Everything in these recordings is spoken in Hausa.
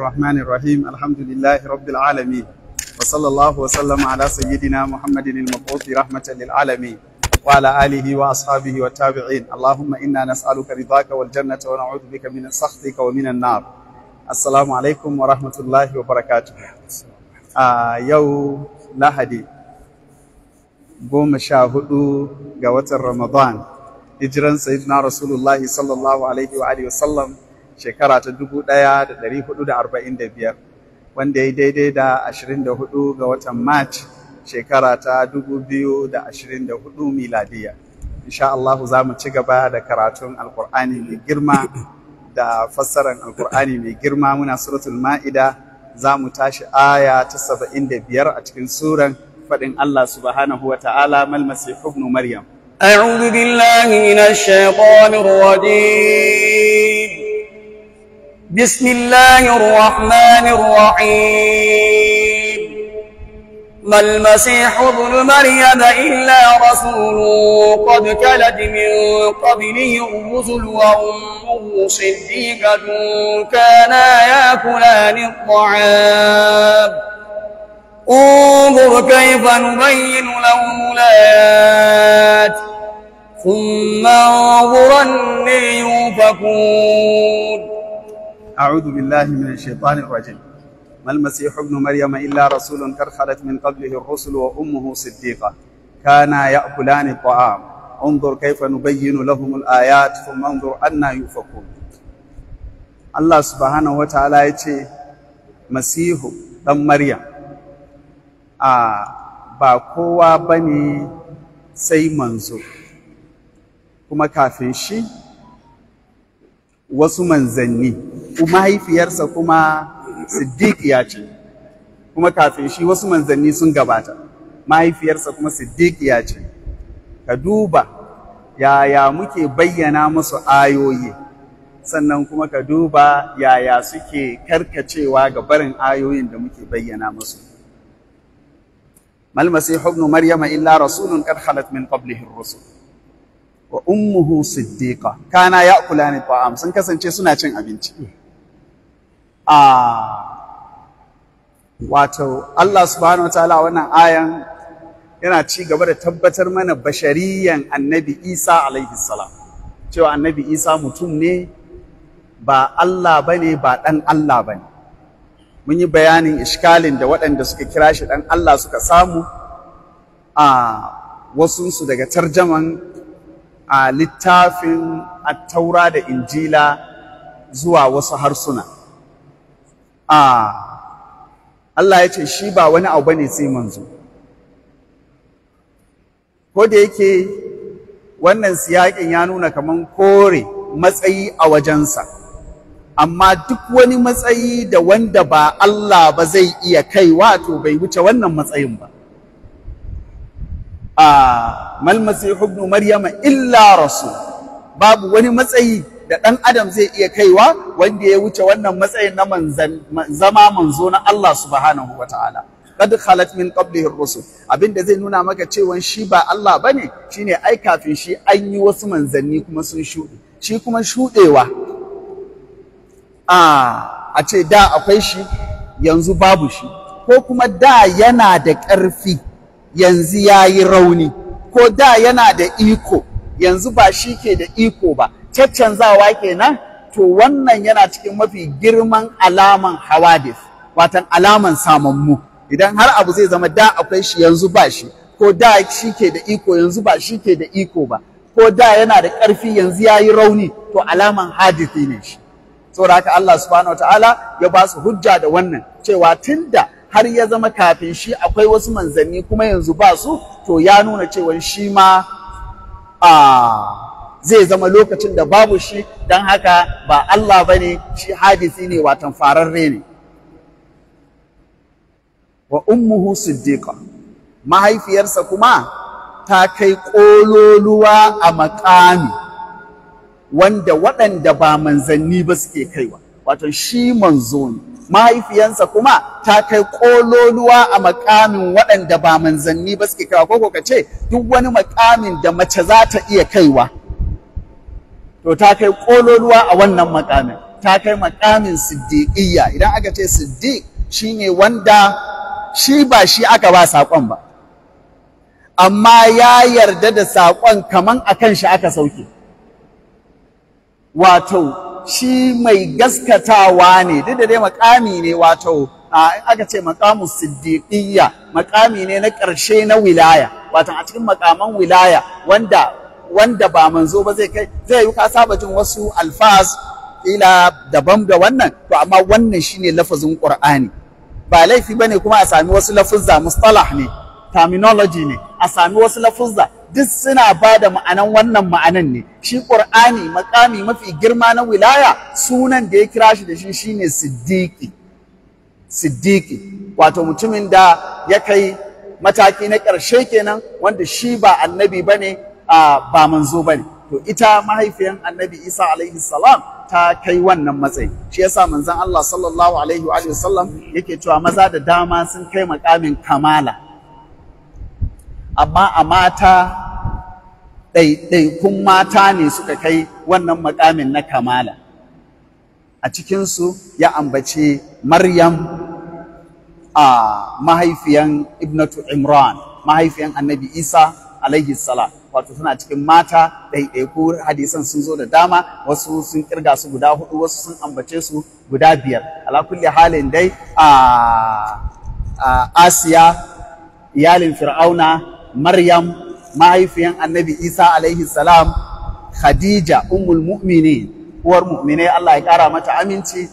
الرحمن الرحيم الحمد لله رب العالمين وصلى الله وسلم على سيدنا محمد المبعوث رحمة للعالمين وعلى آله وأصحابه والتابعين اللهم إنا نسألك رضاك والجنة ونعوذ بك من سخطك ومن النار السلام عليكم ورحمة الله وبركاته آه يو لهدي قوم شاهدوا قوة رمضان hijiran sayyidina rasulullahi sallallahu alaihi wa alihi wasallam shekara ta dubu ɗaya da da da ɗari arba'in biyar, wanda ya daidai da ashirin da hudu ga watan March shekara ta dubu biyu da da ashirin hudu miladiya. Insha Allah za mu ci gaba da karatun Alkur'ani mai girma da fassarar Alkur'ani mai girma muna suratul Ma'ida za mu tashi aya ta saba'in da biyar a cikin suran faɗin Allah subhanahu wa ta'ala mal ibn Maryam. أعوذ بالله من الشيطان الرجيم بسم الله الرحمن الرحيم ما المسيح ابن مريم إلا رسول قد كلت من قبله الرسل وأمه صديقة كانا ياكلان الطعام انظر كيف نبين لهم الآيات ثم انظرني يوفكون أعوذ بالله من الشيطان الرجيم ما المسيح ابن مريم إلا رسول قد خلت من قبله الرسل وأمه صديقة كانا يأكلان الطعام انظر كيف نبين لهم الآيات ثم انظر أنا يفقون الله سبحانه وتعالى يتي مسيح ابن مريم آه ba بني سي ne كما كافي kuma kafin shi mahaifiyarsa kuma siddiq ya ce kuma kafin shi wasu manzanni sun gabata mahaifiyarsa kuma siddiq ya ce ka duba yaya muke bayyana musu ayoyi sannan kuma ka duba yaya suke karkacewa ga barin ayoyin da muke bayyana musu mal ibn maryama illa rasulun qad khalat min qablihi ar-rusul wa ummuhu siddiqa kana ya'kulani ta'am sun kasance suna cin abinci a wato Allah subhanahu wa ta'ala wannan ayan yana ci gaba da tabbatar mana bashariyan annabi Isa alaihi salam cewa annabi Isa mutum ne ba Allah ba ne, ba dan Allah bane mun yi bayanin iskalin da waɗanda suka kira shi dan Allah suka samu a wasunsu daga tarjaman a littafin a taura da injila zuwa wasu harsuna a Allah ya ce shi ba wani abu bane sai manzo ko da yake wannan siyakin ya nuna kaman kore matsayi a wajensa amma duk wani matsayi da wanda ba Allah ba zai iya kai wato bai wuce wannan matsayin ba a mal masihu ibn maryama illa rasul babu wani matsayi da ɗan adam zai iya kaiwa wanda ya wuce wannan matsayin na zama manzo na Allah subhanahu wa ta'ala qad khalat min qablihi ar-rusul abinda zai nuna maka cewa shi ba Allah bane shine ai kafin shi an yi wasu manzanni kuma sun shuɗe shi kuma shuɗewa a a ce da akwai shi yanzu babu shi ko kuma da yana da ƙarfi yanzu yayi rauni ko da yana da iko yanzu ba shi ke da iko ba caccanzawa kenan to wannan yana cikin mafi girman alaman hawadis watan alaman samammu idan har abu zai zama da akwai shi yanzu ba shi ko da shi ke da iko yanzu ba shi ke da iko ba ko da yana da ƙarfi yanzu ya yi rauni to alaman hadithi ne shi saboda haka Allah subhanahu wataala ya ba su hujja da wannan cewa tunda har ya zama kafin shi akwai wasu manzanni kuma yanzu ba su to ya nuna cewa shi ma a ah, zai zama lokacin da babu shi don haka ba Allah ba ne shi hadisi ne watan fararre ne wa ummuhu siddiqa mahaifiyarsa kuma ta kai ƙololuwa a makami wanda waɗanda ba manzanni ba suke kaiwa wato shi manzo ne mahaifiyarsa kuma ta kai ƙololuwa a makamin waɗanda ba manzanni ba suke kaiwa ko ka ce duk wani makamin da mace za ta iya kaiwa to ta kai ƙololuwa a wannan makamin ta kai makamin siddiqiyya idan aka ce siddiq shine wanda shi ba shi aka ba saƙon ba amma ya yarda da saƙon kaman akan shi aka sauke wato shi mai gaskatawa ne duk da dai makami ne wato in aka ce makamu siddiqiyya makami ne na ƙarshe na wilaya wato a cikin makaman wilaya wanda wanda ba manzo ba zai kai zai yi kasa ba jin wasu alfaz ila daban da wannan to amma wannan shine lafazin qur'ani ba laifi bane kuma a sami wasu lafuzza mustalah ne terminology ne a sami wasu lafuzza duk suna ba da ma'anan wannan ma'anan ne shi qur'ani makami mafi girma na wilaya sunan da ya kira shi da shi shine siddiqi siddiqi wato mutumin da ya kai mataki na ƙarshe kenan wanda shi ba annabi ba ne? ba manzo ba ne to ita mahaifiyan annabi isa alaihi salam ta kai wannan matsayi shi yasa manzon Allah sallallahu alaihi wa sallam yake cewa maza da dama sun kai makamin kamala amma a mata ɗaiɗaikun mata ne suka kai wannan makamin na kamala a cikinsu ya ambace maryam a mahaifiyan ibnatu imran mahaifiyan annabi isa alaihi sala wato suna cikin mata ɗaiɗaiku hadisan sun zo da dama wasu sun kirga su guda hudu wasu sun ambace su guda biyar ala kulli halin dai a asiya iyalin fir'auna maryam mahaifiyan annabi isa alaihi salam khadija ummul mu'mini uwar Mu'minai, Allah ya kara mata aminci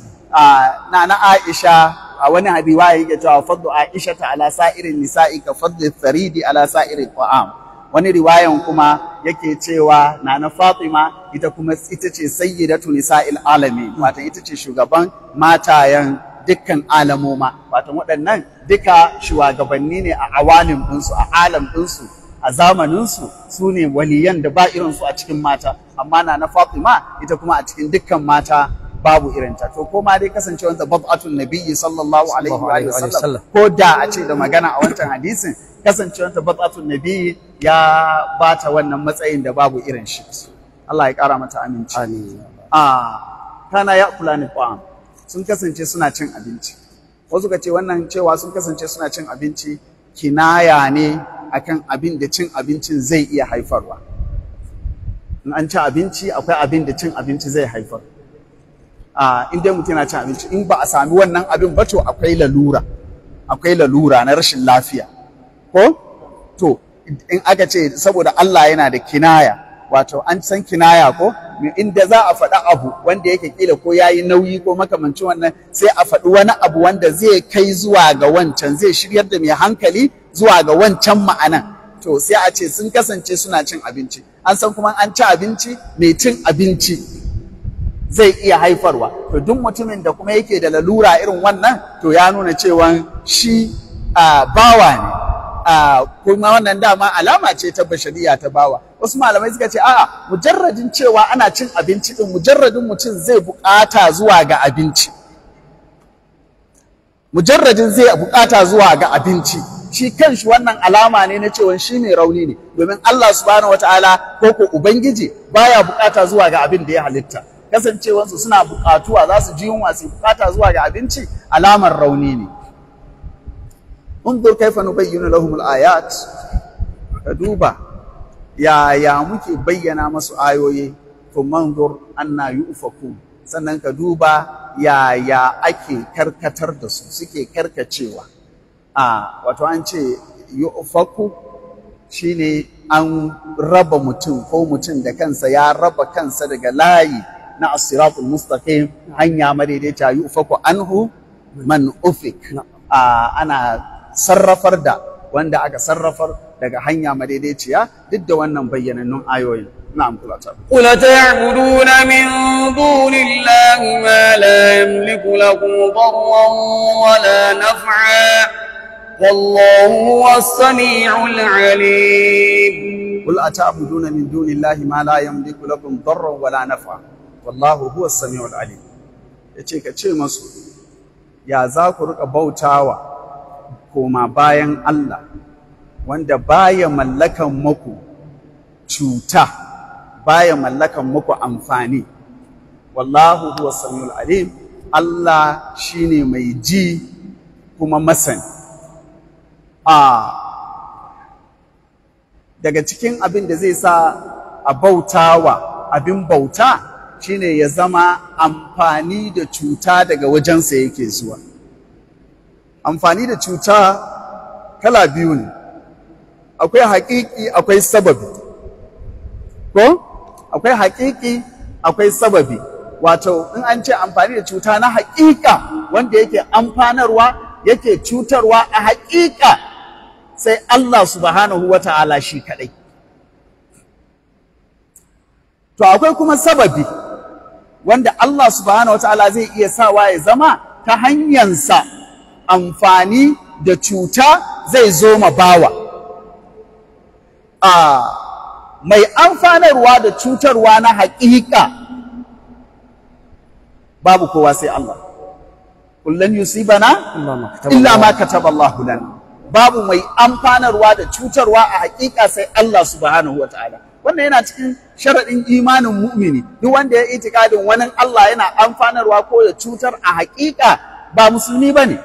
na na aisha a wani hadiwa yake cewa faddu aisha ta ala sa'irin nisa'i ka faddu faridi ala sa'irin qa'am wani riwayan kuma yake cewa na Fatima ita kuma ita ce sayyidatu nisa'il alamin wato ita ce shugaban matayen dukkan alamoma wato waɗannan duka shugabanni ne a awalin ɗinsu a alam ɗinsu a zamaninsu su ne waliyan da ba irinsu a cikin mata amma na na Fatima ita kuma a cikin dukkan mata babu irinta to ko ma dai kasancewar wanda bab'atun nabiyyi sallallahu alaihi wa sallam ko da a ce da magana a wancan hadisin kasancewanta bat'atun biyu ya bata wannan matsayin da babu irin shi Allah ya kara mata aminci amin ah kana ya kula ni qam sun kasance suna cin abinci wasu ka ce wannan cewa sun kasance suna cin abinci kinaya ne akan abin da cin abincin zai iya haifarwa in an ci abinci akwai abin da cin abinci zai haifar a ah, in dai mutum yana cin abinci in ba a sami wannan abin ba to akwai lalura akwai lalura na rashin lafiya ko to in aka ce saboda Allah yana da kinaya wato an san kinaya ko inda za a faɗi abu wanda yake kila ko yayi nauyi ko makamancin wannan sai a faɗi wani abu wanda zai kai zuwa ga wancan zai shiryar da mai hankali zuwa ga wancan ma'anan to sai a ce sun kasance suna cin abinci an san kuma an ci abinci mai cin abinci zai iya haifarwa to duk mutumin da kuma yake da lalura irin wannan to ya nuna cewa shi bawa ne kuma wannan dama alama ce ta bashariya ta bawa wasu malamai suka ce a'a mujarradin cewa ana cin abinci din mujarradin mutum zai bukata zuwa ga abinci mujarradin zai bukata zuwa ga abinci shi kanshi wannan alama ne na cewa shi mai rauni ne domin Allah subhanahu wataala ko ko ubangiji baya bukata zuwa ga abin da ya halitta kasancewansu suna bukatuwa za su ji yunwa su bukata zuwa ga abinci alamar rauni ne انظر كيف نبين لهم الآيات كدوبا يا يا مكي بينا مسو آيوي ثم انظر أن يؤفكون sannan ka duba yaya ake karkatar da su suke karkacewa a wato an ce yu'faku shine an raba mutum ko mutum da kansa ya raba kansa daga layi na asiratul mustaqim hanya madaidaita yu'faku anhu man ufik sarrafar da wanda aka sarrafar daga hanya madaidaiciya duk da wannan bayyanannun ayoyin na'am kula ta kula ta'buduna min dunillahi ma la yamliku lakum darran wala naf'a والله هو السميع العليم قل أتعبدون من دون الله ما لا يملك لكم ضرا ولا نفعا والله هو السميع Ya ce ka ce masu ya za ku rika bautawa koma bayan Allah wanda baya mallakan muku cuta baya mallakan muku amfani wallahu huwa samiul alim Allah shine mai ji kuma masani a daga cikin abin da zai sa a bautawa abin bauta shine ya zama amfani da cuta daga wajensa yake zuwa amfani da cuta kala biyu ne akwai haƙiƙi akwai sababi ko akwai haƙiƙi akwai sababi wato in an ce amfani da cuta na haƙiƙa wanda yake amfanarwa yake cutarwa a haƙiƙa sai Allah subhanahu wata'ala shi kaɗai to akwai kuma sababi wanda Allah subhanahu wata'ala zai iya sawa ya zama ta hanyarsa amfani da cuta zai zo ma bawa Ah, mai amfanarwa da cutarwa na haƙiƙa babu kowa sai Allah kullun yusibana illa ma kataba Allahu lana babu mai amfanarwa da cutarwa a haƙiƙa sai Allah subhanahu wataala wannan yana cikin sharaɗin imanin mu'mini duk wanda ya itikadin wani Allah yana amfanarwa ko ya cutar a haƙiƙa ba musulmi bane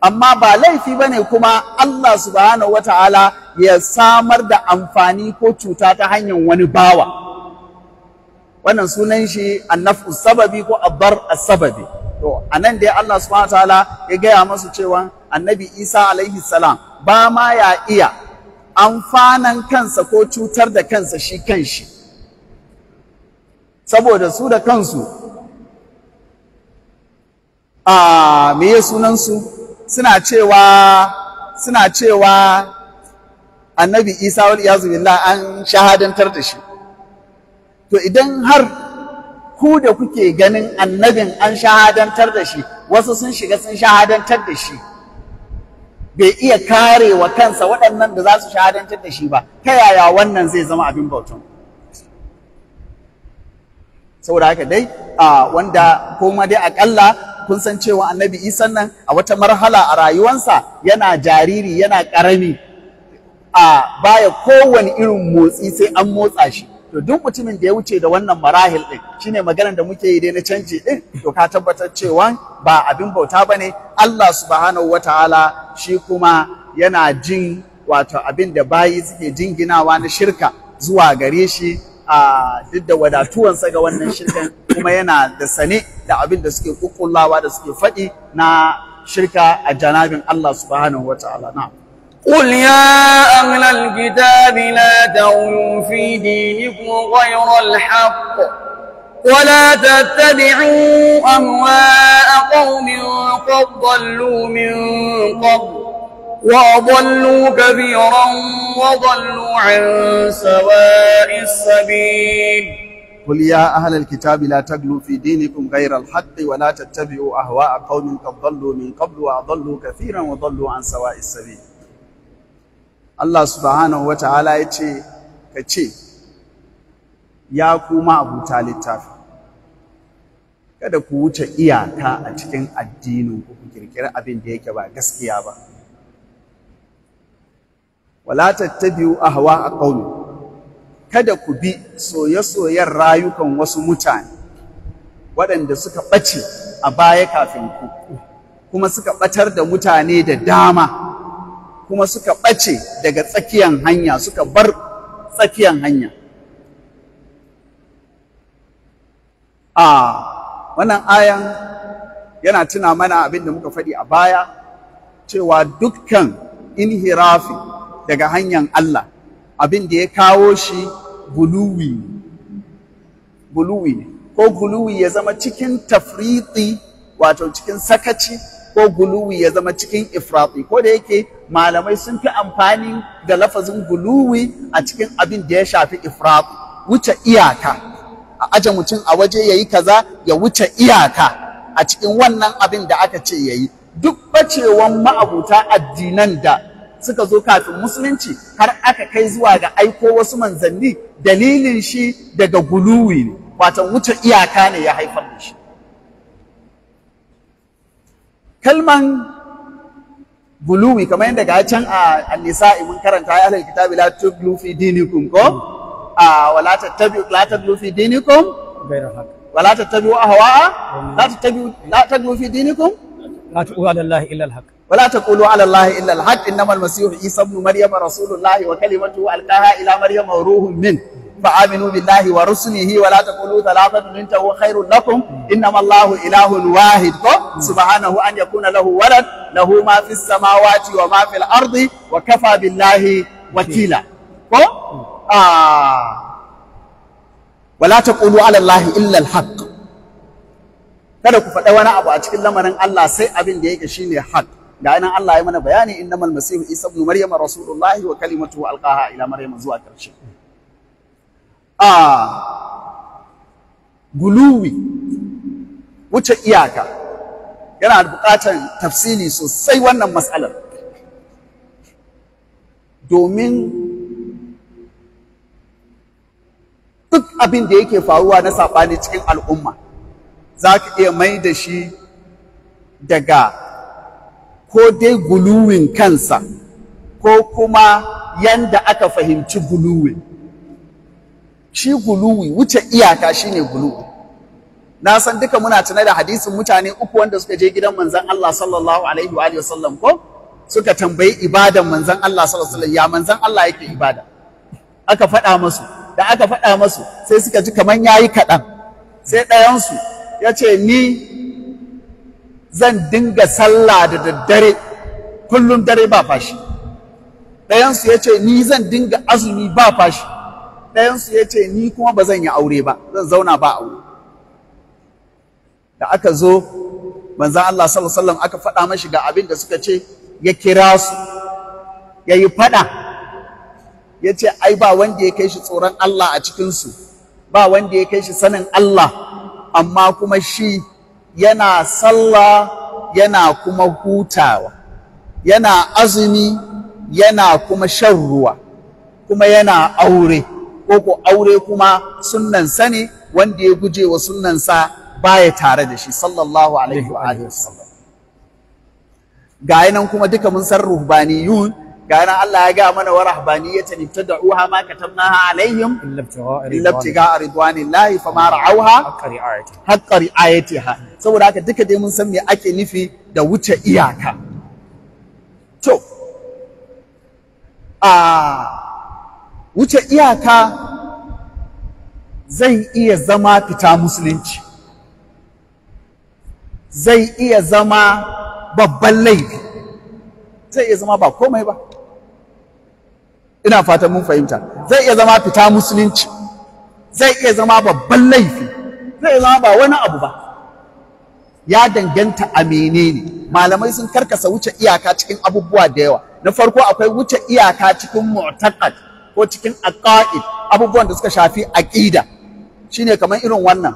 amma ba laifi bane kuma Allah subhanahu wata'ala ya samar da amfani ko cuta ta hanyar wani bawa wannan sunan shi annafu sababi ko abbar sababi to anan dai Allah subhanahu wata'ala ya gaya masu cewa annabi Isa alaihi salam ba ma ya iya amfanan kansa ko cutar da kansa shi kanshi saboda su da kansu a me sunan sunansu suna cewa suna cewa annabi isa wal iyazu billah an shahadantar da shi to idan har ku da kuke ganin annabin an shahadantar da shi wasu sun shiga sun shahadantar da shi bai iya kare wa kansa waɗannan da za su shahadantar da shi ba ta yaya wannan zai zama abin bautan saboda haka dai a wanda ko dai akalla kun san cewa annabi isan nan a wata marhala a rayuwansa yana jariri yana ƙarami a baya kowane irin motsi sai an motsa shi to duk mutumin da ya wuce da wannan marahil din shine maganar da muke yi dai na canji din to ka tabbatar cewa ba abin bauta bane Allah subhanahu wataala shi kuma yana jin wato abin da bayi suke jinginawa na shirka zuwa gare shi a duk da wadatuwansa ga wannan shirkan kuma yana da sane da abin da suke kukullawa da suke fadi na shirka a janabin Allah subhanahu wataala na قل يا أهل الكتاب لا تغلوا في دينكم غير الحق ولا تتبعوا أهواء قوم قد ضلوا من قبل وأضلوا كثيرا وضلوا عن سواء السبيل قل يا أهل الكتاب لا تغلوا في دينكم غير الحق ولا تتبعوا أهواء قوم قد ضلوا من قبل وأضلوا كثيرا وضلوا عن سواء السبيل الله سبحانه وتعالى يتي كتي يا كوما أبو تالي التافي kada ku wuce iyaka a cikin addinin ku ku kirkiri abin da yake ba gaskiya ba wala tattabi'u ahwa a qawli kada ku bi soye-soyen rayukan wasu mutane waɗanda suka ɓace a baya kafin ku kuma suka ɓatar da mutane da dama kuma suka ɓace daga tsakiyan hanya suka bar tsakiyan hanya a wannan ayan yana tuna mana abin da muka faɗi a baya cewa dukkan inhirafi daga hanyar Allah abin da ya kawo shi guluwi guluwi ko guluwi ya zama cikin tafriti wato cikin sakaci ko guluwi ya zama cikin ifrati ko da yake malamai sun fi amfani da lafazin guluwi a cikin abin da ya shafi ifrati wuce iyaka a aje mutum a waje yayi kaza ya wuce iyaka a cikin wannan abin da aka ce yayi duk bacewan ma'abuta addinan da suka zo kafin musulunci har aka kai zuwa ga aiko wasu manzanni dalilin shi daga guluwi ne wata wuce iyaka ne ya haifar da shi kalman guluwi kamar yadda ga can a annisa mun karanta ya halin kitabi la tuglu fi dinikum ko a wala tattabi'u la tuglu fi dinikum ghayra haqq wala tattabi'u ahwa'a la tattabi'u la tuglu fi dinikum لا تقولوا على الله إلا الحق ولا تقولوا على الله إلا الحق إنما المسيح عيسى ابن مريم رسول الله وكلمته ألقاها إلى مريم وروح منه فآمنوا بالله ورسله ولا تقولوا ثلاثة هو خير لكم إنما الله إله واحد سبحانه أن يكون له ولد له ما في السماوات وما في الأرض وكفى بالله وكيلا آه. ولا تقولوا على الله إلا الحق kada ku faɗa wani abu a cikin lamarin Allah sai abin da yake shine haq ga nan Allah ya mana bayani innamal masihu isa ibn maryama rasulullahi wa kalimatuhu alqaha ila maryama zuwa karshe ah guluwi wuce iyaka yana buƙatar tafsili sosai wannan mas'alar domin duk abin da yake faruwa na saɓani cikin al'umma za ka iya mai da shi daga ko dai guluwin kansa ko kuma yanda aka fahimci guluwin shi guluwi wuce iyaka shine guluwi na san duka muna tunai da hadisin mutane uku wanda suka je gidan manzon Allah sallallahu alaihi wa alihi ko suka tambayi ibadan manzon Allah sallallahu alaihi ya manzon Allah yake ibada aka faɗa masu da aka faɗa masu sai suka ji kaman yayi kaɗan sai ɗayansu ya ce ni zan dinga sallah da daddare kullum dare ba fashi ɗayansu ya ce ni zan dinga azumi ba fashi ɗayansu ya ce ni kuma ba zan yi aure ba zan zauna ba aure da aka zo manzan Allah sallallahu aka faɗa mashi ga abin da suka ce ya kira su ya yi faɗa ya ce ai ba wanda ya kai shi tsoron Allah a cikinsu ba wanda ya kai shi sanin Allah amma kuma shi yana sallah yana kuma hutawa yana azumi yana kuma shan ruwa kuma yana aure ko aure kuma sa ne wanda ya guje wa sunnansa baya tare da shi sallallahu alaihi wa alihi wasallam ga nan kuma duka mun san ruhbaniyun gana Allah ya ga mana wa rahbaniyatan ibtada'uha ma katabnaha alaihim illa tiga ridwanillahi ma ra'awha haqqa ri'ayatiha saboda haka duka dai mun san me ake nufi da wuce iyaka to a wuce iyaka zai iya zama fita musulunci zai iya zama babban laifi zai iya zama ba komai ba ina fatan mun fahimta zai iya zama fita musulunci zai iya zama babban laifi zai iya zama ba wani abu ba ya danganta a menene malamai sun karkasa wuce iyaka cikin abubuwa da yawa na farko akwai wuce iyaka cikin mu'taqad ko cikin aqaid abubuwan da suka shafi aqida shine kamar irin wannan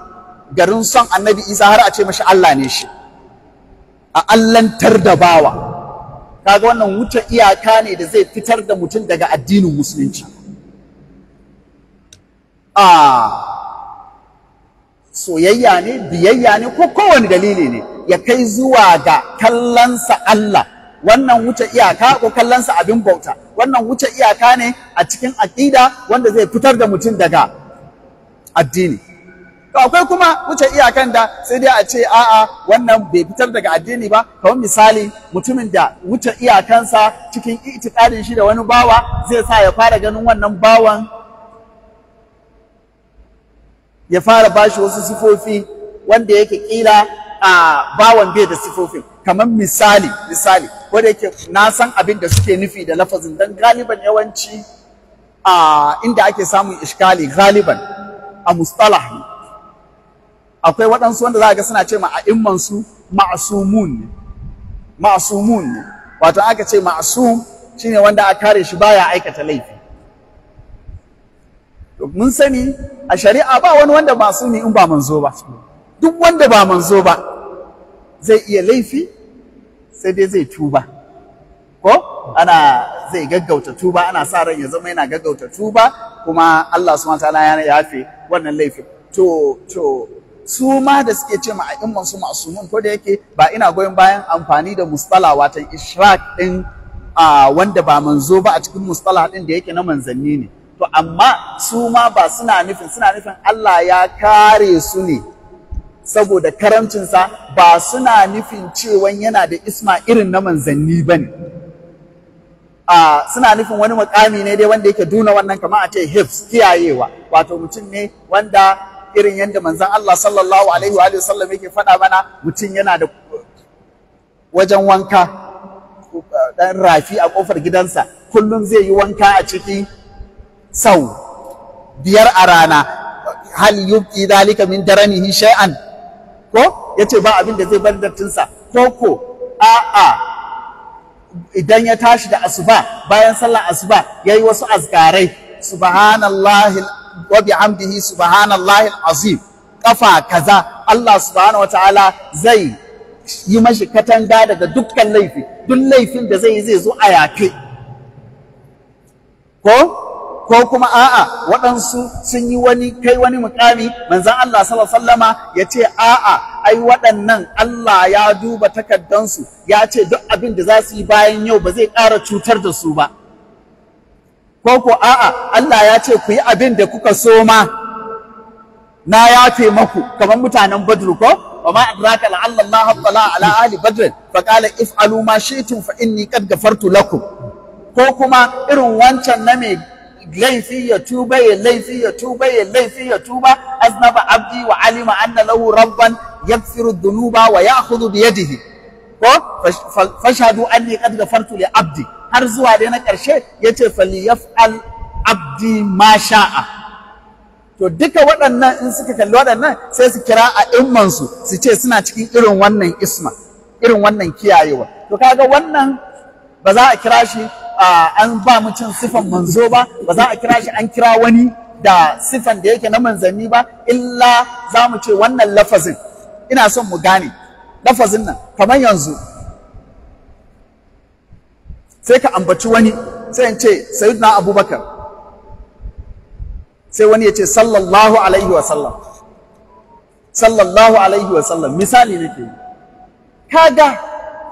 garin son annabi isa har a ce mashi Allah ne shi a allantar da bawa kaga wannan wuce iyaka ne da zai fitar da mutum daga addinin musulunci a soyayya ne biyayya ne ko kowane dalili ne ya kai zuwa ga kallonsa Allah wannan wuce iyaka ko kallonsa abin bauta wannan wuce iyaka ne a cikin aƙida wanda zai fitar da mutum daga addini to akwai kuma wuce iyakan da sai dai a ce a'a wannan bai fitar daga addini ba kamar misali mutumin da wuce iyakansa cikin itikadin shi da wani bawa zai sa ya fara ganin wannan bawan ya fara bashi wasu sifofi wanda yake kila a bawan bai da sifofin kamar misali misali wanda yake na san abin da suke nufi da lafazin dan galiban yawanci a inda ake samun ishkali galiban a mustalahi akwai waɗansu wanda za a ga suna ce ma a'imman su ma'asumun ne wato aka ce shi shine wanda a kare shi baya aikata laifi mun sani a shari'a ba wani wanda masumi in ba manzo ba duk wanda ba manzo ba zai iya laifi sai dai zai tuba ko ana zai gaggauta tuba ana sa ran ya zama yana gaggauta tuba kuma Allah subhanahu wataala ya yafe wannan laifi to to su ma da suke ce ma'a'imman su masumun ko da yake ba ina goyon bayan amfani da mustala watan ishraq din wanda ba manzo ba a cikin mustala din da yake na manzanni ne to amma su ma ba suna nufin suna nufin Allah ya kare su ne saboda karamcinsa ba suna nufin cewan yana da isma irin na manzanni ba ne a suna nufin wani mukami ne dai wanda yake duna wannan kamar a ce kiyayewa wato mutum ne wanda irin yadda manzon Allah sallallahu alaihi wa sallam yake faɗa mana mutum yana da wajen wanka ɗan rafi a ƙofar gidansa kullum zai yi wanka a ciki sau biyar a rana hal yubqi dalika min daranihi shay'an ko yace ba abin da zai bar dattinsa ko ko a'a idan ya tashi da asuba bayan sallar asuba ya yi wasu azkarai subhanallahi wa bihamdihi subhanallahi alazim kafa kaza Allah subhanahu wataala zai yi mashi katanga daga dukkan laifi duk laifin da zai yi zai zo a yafe ko ko kuma a'a waɗansu sun yi wani kai wani mukami manzon Allah sallallahu alaihi wasallama yace a'a ai waɗannan Allah ya duba takaddansu ya ce duk abin da za su yi bayan yau ba zai ƙara cutar da su ba ko ko a'a Allah ya ce ku yi abin da kuka so ma na yafe maku kamar mutanen Badr ko wa ma adraka la Allah tala ala ahli Badr fa qala if'alu ma shi'tum fa inni qad ghafartu lakum ko kuma irin wancan na mai laifi ya tuba ya laifi ya tuba ya laifi ya tuba aznaba abdi wa alima anna lahu rabban yaghfiru dhunuba wa ya'khudhu bi yadihi ko fashhadu anni qad ghafartu li abdi har zuwa dai na ƙarshe ya yace fi abdi ma sha'a to duka waɗannan in suka kalli waɗannan sai su kira a immansu su ce suna cikin irin wannan isma irin wannan kiyayewa to kaga wannan ba za a kira shi an ba mutum sifan manzo ba ba za a kira shi an kira wani da sifan da yake na manzanni ba illa za mu ce wannan lafazin ina son mu gane lafazin nan kamar yanzu sai ka ambaci wani sai in ce sayyidina abubakar sai wani ya ce sallallahu alaihi wa sallam sallallahu alaihi wa sallam misali nake kaga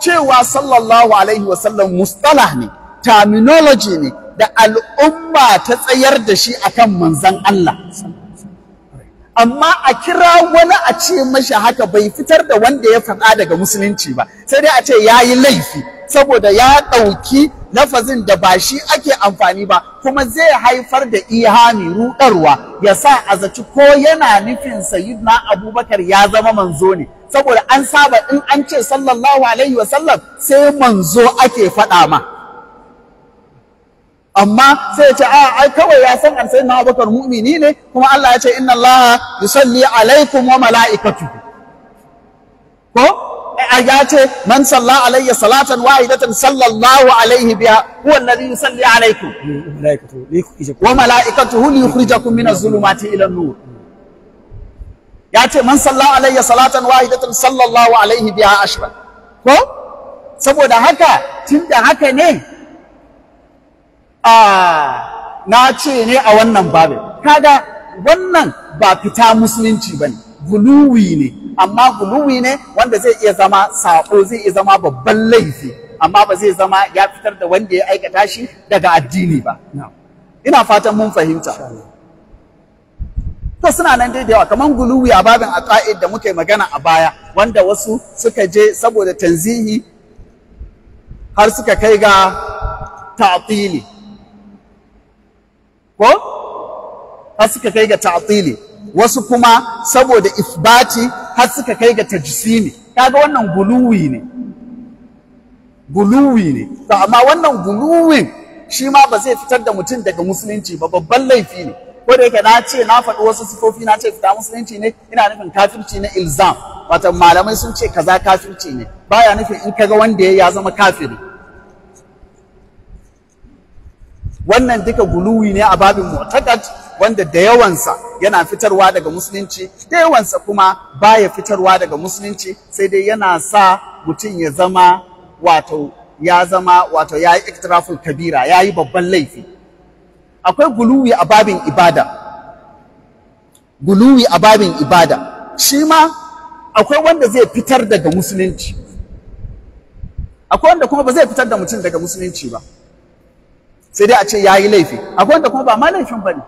cewa sallallahu alaihi wa sallam mustalah ne terminology ne da al'umma ta tsayar da shi akan manzon Allah amma a kira wani a ce mashi haka bai fitar da wanda ya faɗa daga musulunci ba sai dai a ce ya yi laifi saboda ya ɗauki lafazin da ba shi ake amfani ba kuma zai haifar da ihami ruɗarwa ya sa a zaci ko yana nufin sayyidina abubakar ya zama manzo ne saboda an saba in an ce sallallahu alaihi wasallam sai manzo ake faɗa ma amma sai ya ce a ah, ai kawai ya san an sai na Abubakar mu'mini ne kuma Allah ya ce inna Allah yusalli alaikum wa mala'ikatuhu ko ya ce man salla alayya salatan wahidatan sallallahu alaihi biha huwa alladhi yusalli alaikum wa mala'ikatuhu li yukhrijakum min az-zulumati ila an-nur ya ce man salla alayya salatan wahidatan sallallahu alaihi biha ashra ko saboda haka tunda haka ne a na ce ne a wannan babin kaga wannan ba fita musulunci bane guluwi ne amma guluwi ne wanda zai iya zama sako zai iya zama babban laifi amma ba zai zama ya fitar da wanda ya aikata shi daga addini ba ina fatan mun fahimta to suna nan dai da kamar guluwi a babin aqaid da muka magana a baya wanda wasu suka je saboda tanzihi har suka kai ga ta'tili ko har suka kai ga ta'tili wasu kuma saboda ifbati har suka kai ga tajsimi kaga wannan guluwi ne guluwi ne to amma wannan guluwin shi ma ba zai fitar da mutum daga musulunci ba babban laifi ne ko da yake na ce na faɗi wasu sifofi na ce fita musulunci ne ina nufin kafirci na ilzam wato malamai sun ce kaza kafirci ne baya nufin in kaga wanda ya zama kafiri wannan duka guluwi ne a babin mu'taqad wanda da yawansa yana fitarwa daga musulunci da yawansa kuma baya fitarwa daga musulunci sai dai yana sa mutum ya zama wato ya zama wato ya yi iktiraful kabira ya yi babban laifi akwai guluwi a babin ibada guluwi a babin ibada shi ma akwai wanda zai fitar daga musulunci akwai wanda kuma ba zai fitar da mutum daga musulunci ba sai dai a ce ya yi laifi akwai wanda kuma ba ma laifin ba ne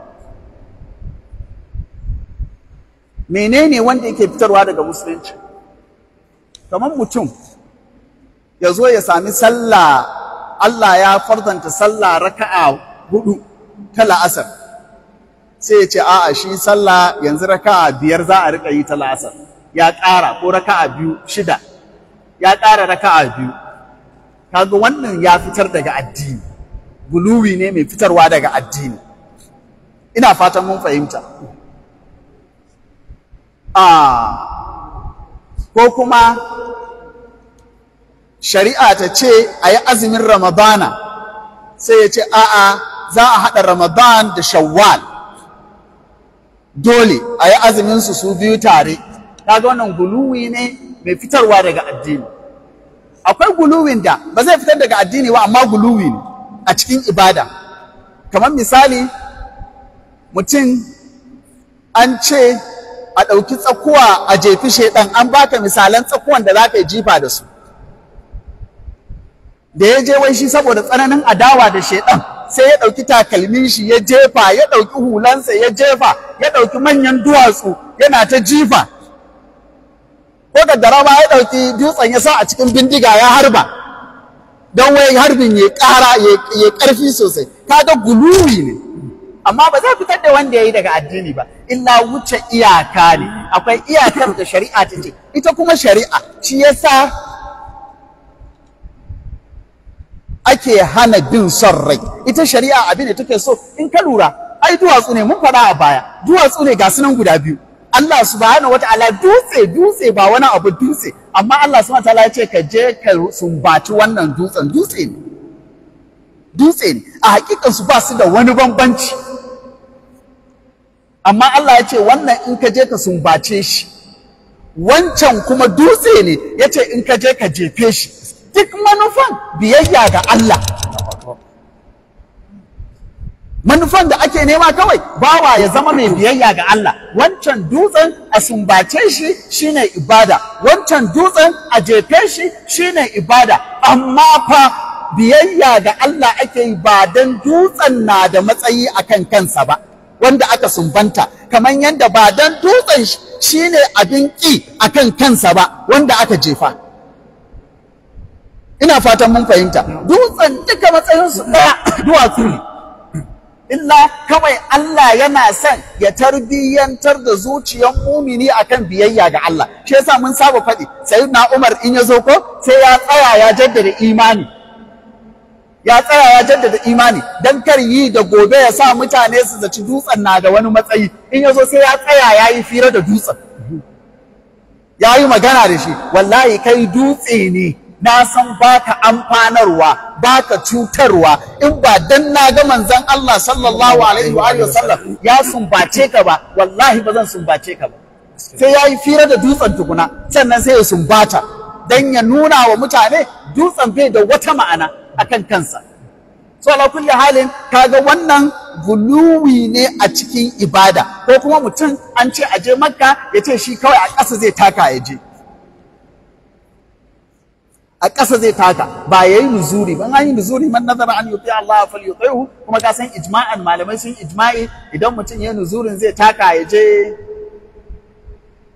menene wanda yake fitarwa daga musulunci kamar mutum ya zo ya sami sallah Allah ya farzanta sallah raka'a hudu ta la'asar sai ya ce a'a shi sallah yanzu raka'a biyar za a rika yi ta la'asar ya ƙara ko raka'a biyu shida ya ƙara raka'a biyu kaga wannan ya fitar daga addini guluwi ne mai fitarwa daga addini ina fatan mun fahimta ah, ko kuma shari'a ta ce a yi azumin ramadana sai ya ce a'a za a haɗa ramadan da shawwal dole a yi azumin su su biyu tare kaga wannan guluwi ne mai fitarwa daga addini akwai guluwin da ba zai fitar daga addini ba amma guluwi ne a cikin ibada kamar misali mutum an ce a ɗauki tsakuwa a jefi shaidan an baka misalan tsakuwan da za ka yi jifa da su da ya je wai shi saboda tsananin adawa da shaidan sai ya ɗauki takalmin shi ya jefa ya ɗauki hulansa ya jefa ya ɗauki manyan duwatsu yana ta jifa ko da daraba ya ɗauki dutsen ya sa a cikin bindiga ya harba don wai harbin ya kara, ya karfi sosai Ta kaga guluwi ne amma ba za fitar da wanda ya yi daga addini ba illa wuce iyaka ne akwai iyakar da shari'a ta ce ita kuma shari'a shi yasa ake hana bin son rai ita shari'a abin da take so in ka lura ai duwatsu ne mun faɗa a baya duwatsu ne ga sunan guda biyu Allah subhanahu wataala dutse dutse ba wani abu dutse amma Allah subhanahu wataala ya ce ka je ka sumbaci wannan dutsen dutse ne a hakikan su ba su da wani bambanci amma Allah ya ce wannan in ka je ka sumbace shi wancan kuma dutse ne ya ce in ka je ka jefe shi duk manufan biyayya ga Allah manufan da ake nema kawai bawa ya zama mai biyayya ga Allah wancan dutsen a sumbace shi shine ibada wancan dutsen a jefe shi shine ibada amma fa biyayya ga Allah ake yi ba dan dutsen na da matsayi akan kansa ba wanda aka sumbanta kamar yadda ba dan dutsen shine abin ki akan kansa ba wanda aka jefa ina fatan mun fahimta dutsen duka matsayinsu ɗaya duwatsu ne illa kawai Allah yana son ya tarbiyyantar da zuciyar mumini akan biyayya ga Allah shi yasa mun saba faɗi na Umar in ya zo ko sai ya tsaya ya jaddada imani ya tsaya ya jaddada imani dan kar yi da gobe ya sa mutane su zaci dutsen na da wani matsayi in ya zo sai ya tsaya ya yi fira da dutsen ya yi magana da shi wallahi kai dutse ne na san baka amfanarwa baka cutarwa in ba dan na ga manzon Allah sallallahu alaihi wa wasallam ya sumbace ka ba wallahi ba zan sumbace ka ba sai yayi yi fira da dutsen tukuna sannan sai ya sumbata dan ya nuna wa mutane dutsen bai da wata ma'ana akan kansa so ala kulli halin kaga wannan guluwi ne a cikin ibada ko kuma mutum an ce aje makka ya ce shi kawai a ƙasa zai taka ya je a ƙasa zai taka ba ya yi nuzuri ba an yi nuzuri man nazara an yi biya Allah falyutihu kuma ka san ijma'an malamai sun ijma'i idan mutum ya nuzurin zai taka ya je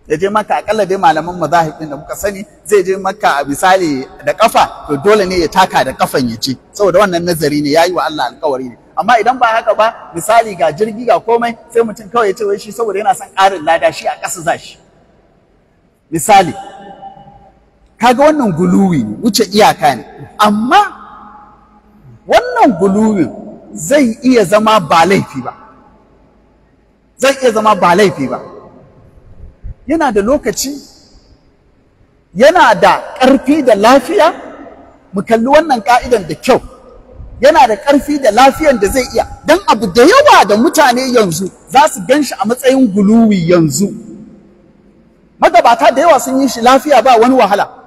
ya je maka akalla dai malaman mazahibin da muka sani zai je maka a misali da kafa to dole ne ya taka da kafan ya ce saboda wannan nazari ne yayi wa Allah alƙawari ne amma idan ba haka ba misali ga jirgi ga komai sai mutum kawai ya ce wai shi saboda yana son ƙarin lada shi a ƙasa za shi misali kaga wannan guluwi wuce iyaka ne amma wannan guluwi zai iya zama ba laifi ba zai iya zama ba laifi ba yana da lokaci yana da ƙarfi da lafiya mu kalli wannan ka'idan da kyau yana da ƙarfi da lafiyan da zai iya don abu da yawa da mutane yanzu za su gan shi a matsayin guluwi yanzu magabata da yawa sun yi shi lafiya ba wani wahala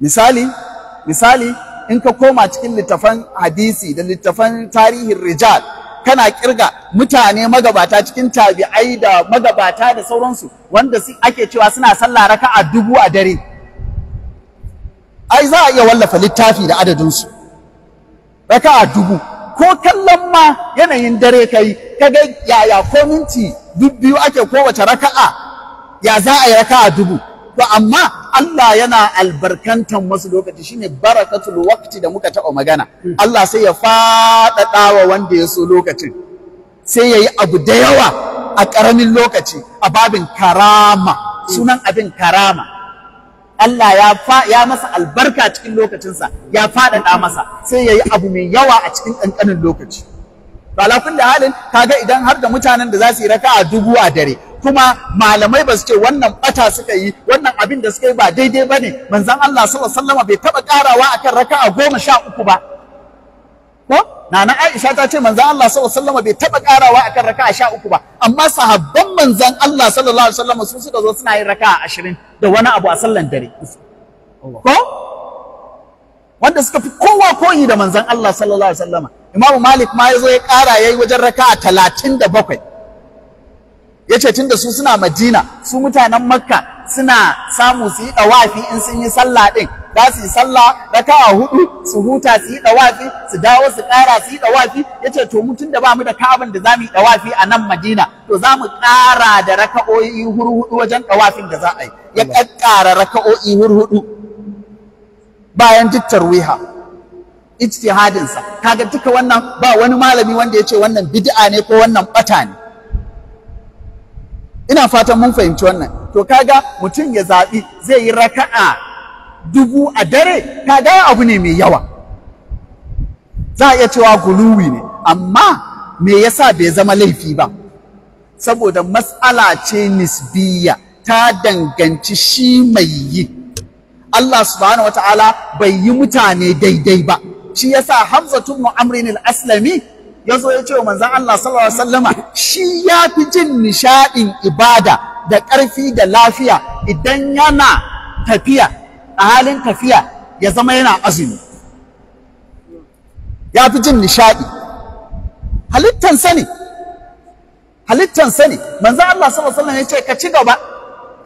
misali misali in ka koma cikin littafan hadisi da littafan tarihin rijal kana kirga mutane magabata cikin tabi'ai da magabata da sauransu wanda ake cewa suna sallah raka'a dubu a dare ai za a iya wallafa littafi da adadin su raka'a dubu ko kallon ma yanayin dare kai kaga yaya ko minti duk biyu ake kowace raka'a ya za a yi raka'a dubu to amma Allah yana albarkantan wasu lokaci shine barakatul waqti da muka taɓa magana Allah sai ya faɗaɗa wa wanda ya so lokacin sai ya yi abu da yawa a ƙaramin lokaci a babin karama sunan abin karama Allah ya ya masa albarka cikin lokacinsa ya faɗaɗa masa sai ya yi abu mai yawa a cikin ƙanƙanin lokaci ba da halin kaga idan har da mutanen da za su yi raka'a dubu a dare kuma malamai ba su ce wannan bata suka yi wannan abin da suka yi ba daidai ba ne manzon Allah sallallahu alaihi wasallam bai taba karawa akan raka'a goma sha uku ba ko nana Aisha ta ce manzon Allah sallallahu alaihi wasallam bai taba karawa akan raka'a sha uku ba amma sahabban manzon Allah sallallahu alaihi wasallam su suka zo suna yin raka'a 20 da wani abu a sallan dare ko wanda suka fi kowa koyi da manzon Allah sallallahu alaihi wasallam Imam Malik ma ya ya kara yayi wajen raka'a 37 Ya ce tun da su suna Madina su mutanen Makka suna samu su yi dawafi in sun yi sallah ɗin za su yi sallah a hudu su huta su yi dawafi su dawo su ƙara su yi dawafi ce to mutum da ba mu da kabin da za mu yi dawafi a nan Madina to za mu ƙara da raka'o'i hudu wajen dawafin da za a yi ya ƙaƙƙara raka'o'i hudu bayan duk tarwiha ijtihadinsa kaga duka wannan ba wani malami wanda ya ce wannan bid'a ne ko wannan ɓata ne ina fatan mun fahimci wannan to kaga mutum ya zaɓi zai yi raka'a dubu a dare kaga abu ne mai yawa za a iya cewa guluwi ne amma me yasa bai zama laifi ba saboda mas'ala ce nisbiya ta danganci shi mai yi Allah subhanahu Ta'ala bai yi mutane daidai ba shi yasa Hamza ibn al-Aslami ya zo ya ce wa manzan Allah sallallahu alaihi wasallama shi ya fi jin nishaɗin ibada da ƙarfi da lafiya idan yana tafiya a halin tafiya ya zama yana azumi ya fi jin nishaɗi Halittan sani, halittan sani, manzan Allah sallallahu alaihi wasallama ya ce ka ci gaba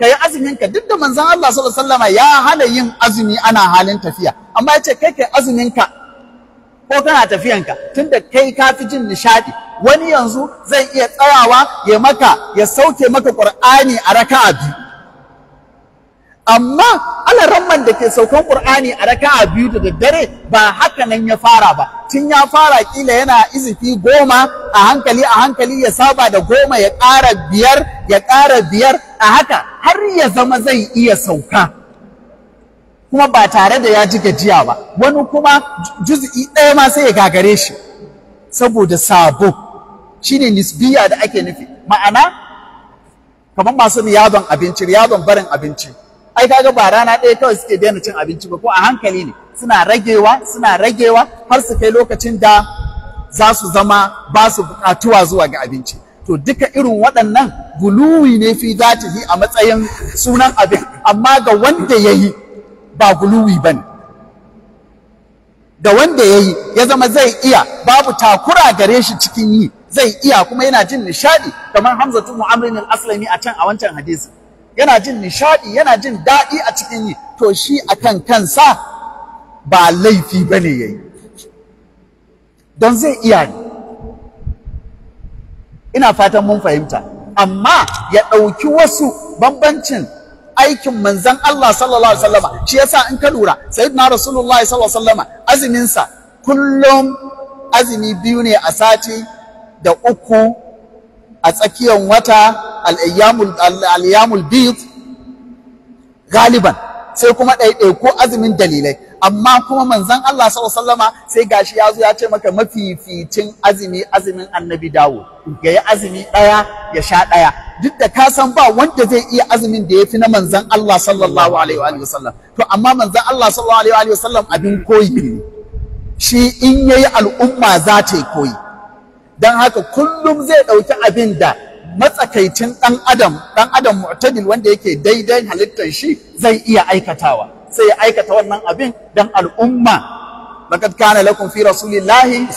ka yi azuminka duk da manzan Allah sallallahu alaihi wasallama ya hana yin azumi ana halin tafiya amma ya ce kai ka yi azuminka ko kana tafiyanka tunda kai ka fi jin nishaɗi wani yanzu zai iya tsayawa ya maka ya sauke maka ƙur'ani a raka'a biyu amma alaramman da ke saukan ƙur'ani a raka'a biyu da daddare ba haka nan ya fara ba tun ya fara kila yana izifi goma a hankali a hankali ya saba da goma ya ƙara biyar ya ƙara biyar a haka har ya zama zai iya sauka kuma ba tare da ya ji gajiya ba wani kuma juz'i ɗaya ma sai ya gagare shi saboda sabo shine nisbiya da ake nufi ma'ana kamar masu riyadon abinci riyadon barin abinci ai kaga ba rana ɗaya kawai suke daina cin abinci ba ko a hankali ne suna ragewa suna ragewa har su kai lokacin da za su zama ba su buƙatuwa zuwa ga abinci to duka irin waɗannan guluwi ne fi zatihi a matsayin sunan abin amma ga wanda ya yi ba guluwi ba ne ga wanda ya yi ya zama zai iya babu takura gare shi cikin yi zai iya kuma yana jin nishadi kamar hamzatu mu'amrin al-aslami a can a wancan hadisi yana jin nishadi yana jin daɗi a cikin yi to shi akan kansa ba laifi ba ne ya yi. don zai iya ne ina fatan mun fahimta amma ya ɗauki wasu bambancin aikin manzan Allah sallallahu alaihi wasallama shi yasa in ka lura sayyidina rasulullahi sallallahu alaihi wasallama azumin sa kullum azumi biyu ne a sati da uku a tsakiyar wata al-ayyamul al-ayyamul bid galiban sai kuma ɗaiɗaiku azumin dalilai amma kuma manzon Allah sallallahu sallama sai gashi ya zo ya ce maka mafificin azumi azumin annabi dawo ya yi azumi ɗaya ya sha ɗaya duk da ka san ba wanda zai iya azumin da ya fi na manzon Allah sallallahu alaihi wa to amma manzon Allah sallallahu alaihi wa abin koyi shi in yayi al'umma za ta koyi dan haka kullum zai ɗauki abin da matsakaicin ɗan adam ɗan adam mu'tadil wanda yake daidai halittar shi zai iya aikatawa sai a aikata wannan abin dan al'umma لقد كان لكم في رسول الله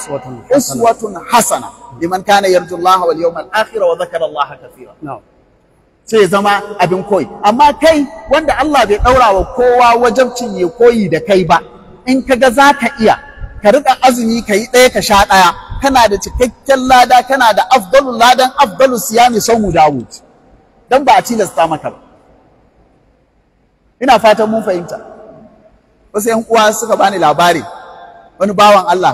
أسوة حسنة لمن كان يرجو الله واليوم الآخر وذكر الله كثيرا نعم sai zama abin koyi amma kai wanda Allah bai daura wa kowa wajen cinye koyi da kai ba in kaga ga za ka iya ka riƙa azumi ka yi ɗaya ka sha ɗaya kana da cikakken lada kana da afdalul ladan afdalus siyami sahu dawud dan ba a tilasta maka ba ina fatan mun fahimta wasu yan uwa suka bani labari wani bawan Allah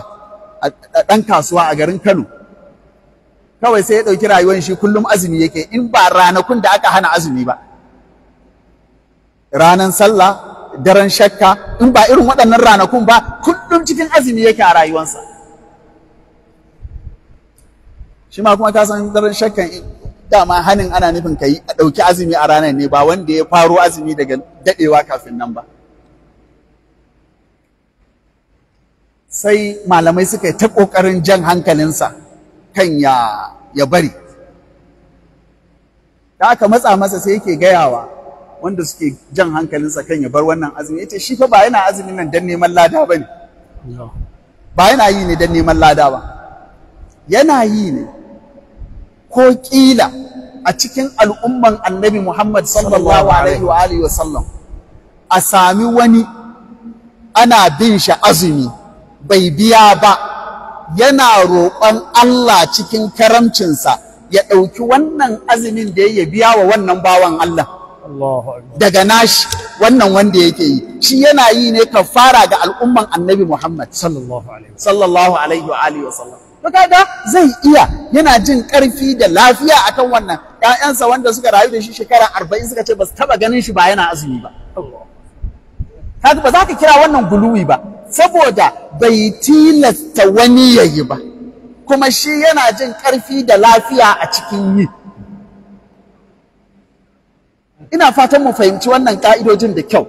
a dan kasuwa a garin Kano kawai sai ya ɗauki rayuwar shi kullum azumi yake in ba ranakun da aka hana azumi ba ranan sallah daren shakka in ba irin waɗannan ranakun ba kullum cikin azumi yake a rayuwarsa shi ma kuma ka san daren shakkan dama hanin ana nufin ka yi a ɗauki azumi a ranar ne ba wanda ya faro azumi daga daɗewa kafin nan ba sai malamai suka yi ta ƙoƙarin jan hankalinsa kan ya, ya bari da aka matsa masa sai yake gayawa wanda suke jan hankalinsa kan ya bar wannan azumi Ita shi fa ba yana azumin nan don neman lada ba ne? ba yana yi ne don neman lada ba yana yi ne ko ƙila a cikin al'umman annabi Muhammad sallallahu alaihi wa alihi wa sallam a sami wani ana bin shi azumi bai biya ba yana roƙon Allah cikin karamcinsa ya ɗauki wannan azumin da ya biya wa wannan bawan Allah daga nashi wannan wanda yake yi shi yana yi ne kafara ga al'umman annabi Muhammad sallallahu alaihi wa alihi wa sallam kaga zai iya yana jin karfi da lafiya akan wannan ƴaƴansa wanda suka rayu da shi shekara arba'in suka ce ba su taɓa ganin shi ba yana azumi ba kaga ba za ka kira wannan guluwi ba saboda bai tilasta wani ya yi ba kuma shi yana jin karfi da lafiya a cikin yi ina fatan mu fahimci wannan ƙa'idojin da kyau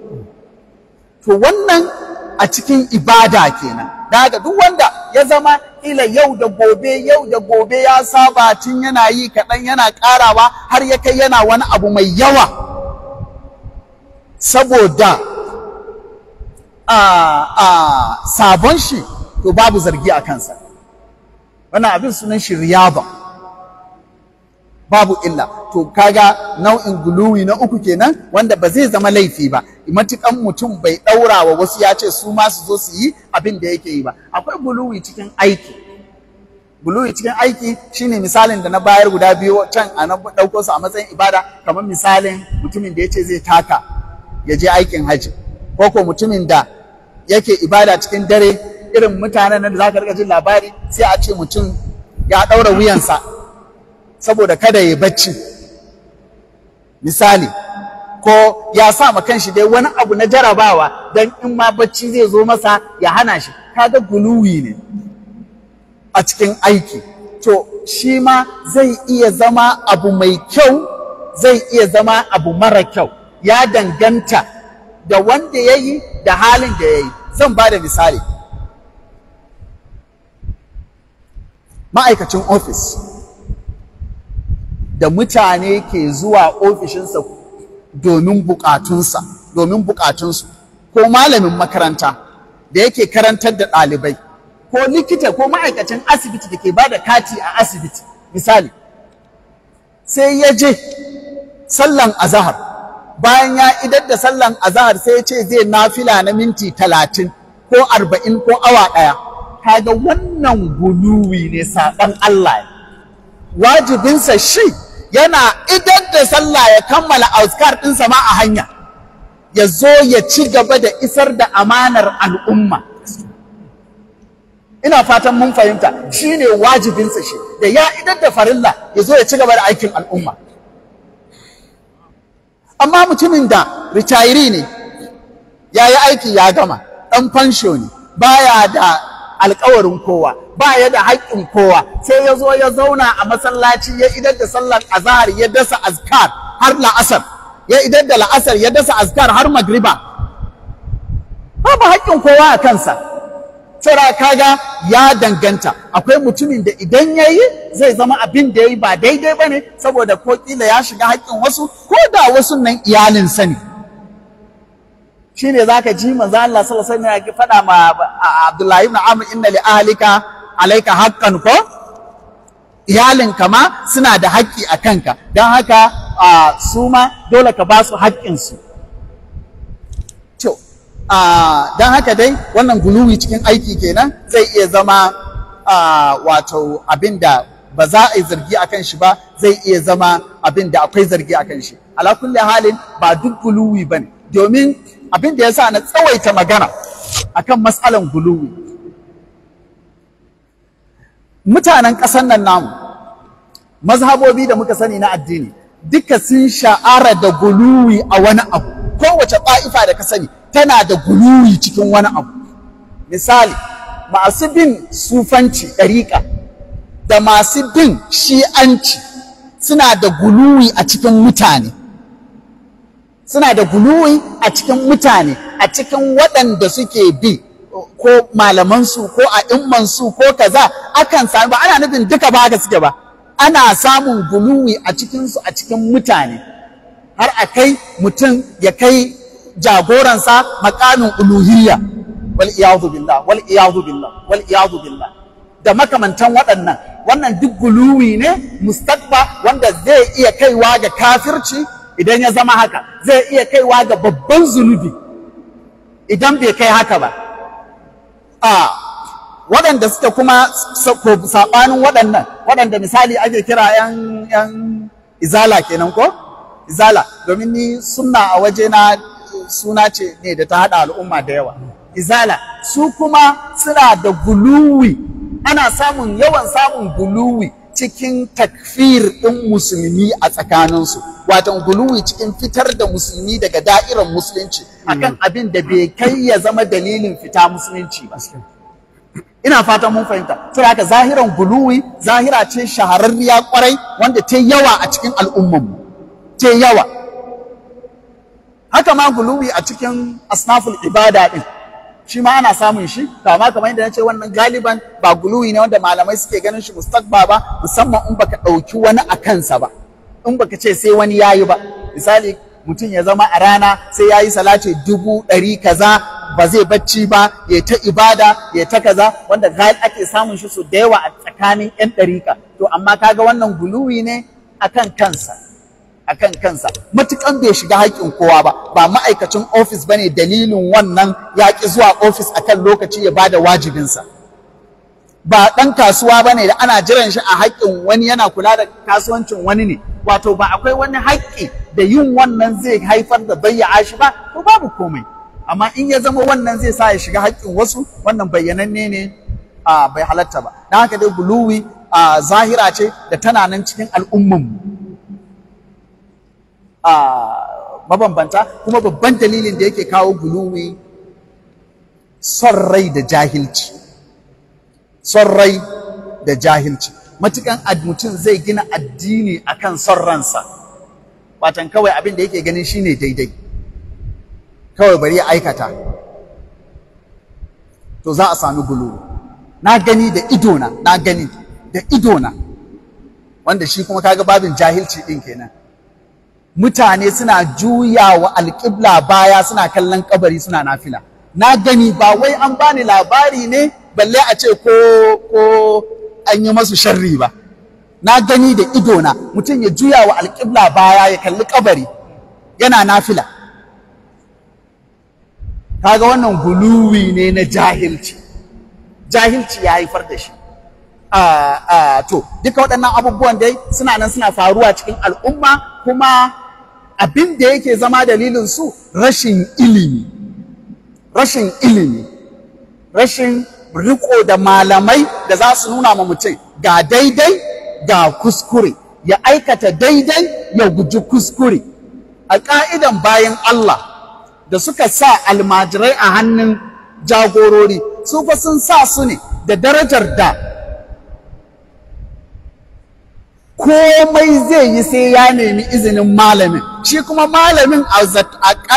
to wannan a cikin ibada kenan Naga duk wanda ya zama ila yau da gobe yau da gobe ya saba tun yana yi kaɗan yana ƙarawa har ya kai yana wani abu mai yawa saboda a sabon shi to babu zargi a kansa wannan abin sunan shi riyaba babu illa to kaga nau'in guluwi na uku kenan wanda ba zai zama laifi ba matukan mutum bai ɗaura wa wasu ya ce su ma su zo su yi abin da yake yi ba akwai guluwi cikin aiki guluwi cikin aiki shine misalin da na bayar guda biyu can a na ɗauko su a matsayin ibada kamar misalin mutumin da ya ce zai taka ya je aikin haji ko ko mutumin da yake ibada cikin dare irin mutanen da za ka rika jin labari sai a ce mutum ya ɗaura wuyansa saboda kada ya bacci misali ko ya sa ma kanshi dai wani abu na jarabawa don in ma bacci zai zo masa ya hana shi kaga guluwi ne a cikin aiki to shi ma zai iya zama abu mai kyau zai iya zama abu mara kyau ya danganta da wanda ya yi da halin da ya yi zan ba da misali ma'aikacin ofis da mutane ke zuwa ofishinsa domin bukatunsa domin bukatunsu ko malamin makaranta da yake karantar da ɗalibai ko likita ko ma'aikacin asibiti da ke ba da kati a asibiti misali sai ya je sallan azahar bayan ya idar da sallan azahar sai ya ce zai nafila na minti talatin ko arba'in ko awa ɗaya ga wannan guluwi ne saɓan Allah wajibinsa shi yana idan da sallah ya kammala auskar din sama a hanya ya zo ya ci gaba da isar da amanar al'umma ina fatan mun fahimta shine wajibinsa shi da ya idan da farilla ya zo ya ci gaba da aikin al'umma amma mutumin da ritayiri ne ya yi aiki ya gama ɗan pension ne baya da Alƙawarin kowa ba ya da haƙƙin kowa sai ya zo ya zauna a masallaci ya idar da sallar azahar ya dasa azkar har la'asar ya idar da la'asar ya dasa azkar har magriba babu haƙƙin kowa a kansa tsira kaga ya danganta akwai mutumin da idan ya yi zai zama abin da ya yi ba daidai ba ne saboda ko kila ya shiga haƙƙin wasu ko da wasu nan iyalinsa ne shine zaka ji manzo Allah sallallahu alaihi wasallam ya faɗa ma Abdullahi ibn Amr inna li ahlika alayka haqqan ko iyalin ma suna da haƙƙi a kanka don haka su ma dole ka ba su haƙƙinsu don haka dai wannan guluwi cikin aiki kenan zai iya zama wato abin da ba za a yi zargi a shi ba zai iya zama abin da akwai zargi a kan shi ala halin ba duk guluwi ba ne domin abin da yasa na tsawaita magana akan matsalan guluwi mutanen ƙasar nan namu mazhabobi da muka sani na addini duka sun sha'ara da guluwi a wani abu kowace ƙa'ifa da ka sani tana da guluwi cikin wani abu misali masu bin sufanci ɗariƙa da masu bin shi'anci suna da guluwi a cikin mutane suna da guluwi a cikin mutane a cikin waɗanda suke bi ko malamansu ko a su ko kaza akan sami ba ana nufin duka ba haka suke ba ana samun guluwi a cikinsu a cikin mutane har a kai mutum ya kai jagoransa makamin uluhiyya wal iyadu billah wal iyadu billah wal iyadu billah da makamantan waɗannan wannan duk guluwi ne mustaqba wanda zai iya kaiwa ga kafirci idan ya zama haka zai iya kaiwa ga babban zunubi idan bai kai haka ba a waɗanda suke kuma saɓanin waɗannan waɗanda misali ake kira yan izala kenan ko izala domin ni sunna a waje na suna ce ne da ta haɗa al'umma da yawa izala su kuma suna da guluwi ana samun yawan samun guluwi cikin takfir ɗin musulmi a tsakaninsu watan guluwi cikin fitar da musulmi daga da'irar musulunci akan hmm. abin da bai kai ya zama dalilin fita musulunci ba ina fatan mun fahimta to haka zahiran guluwi zahira ce shahararriya kwarai wanda ta yawa a cikin al'umman ta yawa haka ma guluwi a cikin asnaful ibada din shi ma ana samun shi to amma kamar yadda nace wannan galiban ba guluwi ne wanda malamai suke ganin shi mustaqba ba musamman in baka ɗauki wani a kansa ba in baka ce sai wani yayi ba misali mutum ya zama a rana sai yayi salati dubu ɗari kaza ba zai bacci ba ya ta ibada ya ta kaza wanda gali ake samun shi su da yawa a tsakanin yan ɗarika to amma kaga wannan guluwi ne akan kansa akan kansa matukan bai shiga haƙƙin kowa ba ba ma'aikacin ofis bane dalilin wannan ya ki zuwa ofis akan lokaci ya bada wajibinsa ba ɗan kasuwa bane da ana jiran shi a haƙƙin wani yana kula da kasuwancin wani ne wato ba akwai wani haƙƙi da yin wannan zai haifar da bayyana shi ba to babu komai amma in ya zama wannan zai sa ya shiga haƙƙin wasu wannan bayyananne ne bai halatta ba dan haka dai buluwi zahira ce da tana nan cikin mu. mabambanta kuma babban dalilin da yake kawo guluwi son rai da jahilci son da jahilci matukan mutum zai gina addini akan son ransa watan kawai abin da yake ganin shine daidai kawai bari ya aikata to za a sami guluwi na gani da idona na gani da idona wanda shi kuma kaga babin jahilci din kenan mutane suna juya wa alƙibla baya suna kallon kabari suna nafila na gani ba wai an bani labari ne balle a ce ko an yi masu sharri ba na gani da idona mutum ya juya wa alƙibla baya ya kalli kabari yana nafila kaga wannan guluwi ne na jahilci jahilci ya haifar da shi to duka waɗannan abubuwan dai suna nan suna faruwa cikin al'umma kuma abin da yake zama dalilin su rashin ilimi rashin ilimi rashin riko da malamai da za su nuna ma mutum ga daidai ga kuskure ya aikata daidai ya guji kuskure a ka'idan bayan Allah da suka sa almajirai a hannun jagorori su fa sun sa su ne da darajar da komai zai yi sai ya nemi izinin malamin shi kuma malamin a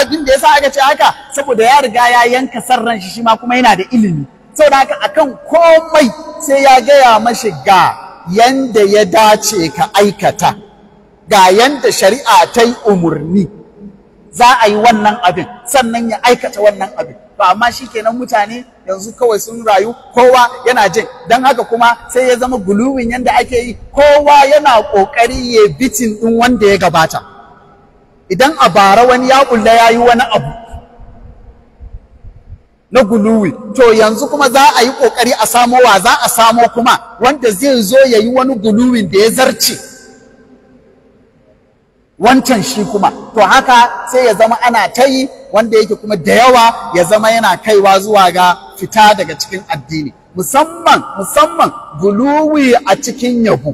abin da ya sa aka ce haka saboda ya riga ya yanka sarran shi shi ma kuma yana da ilimi saboda haka akan komai sai ya gaya mashi ga yanda ya dace ka aikata ga yanda shari'a ta yi umarni za a yi wannan abin sannan ya aikata wannan abin to amma kenan mutane yanzu kawai sun rayu kowa yana jin don haka kuma sai ya zama guluwin yadda ake yi kowa yana kokari ya bitin din wanda ya gabata idan a bara wani ya kulla ya yi wani abu na guluwi to yanzu kuma za a yi kokari a samo wa za a samo kuma wanda zai zo ya yi wani guluwin da ya zarce wancan shi kuma to haka sai ya zama ana ta yi wanda yake kuma da yawa ya zama yana kaiwa zuwa ga fita daga cikin addini musamman musamman guluwi a cikin yabo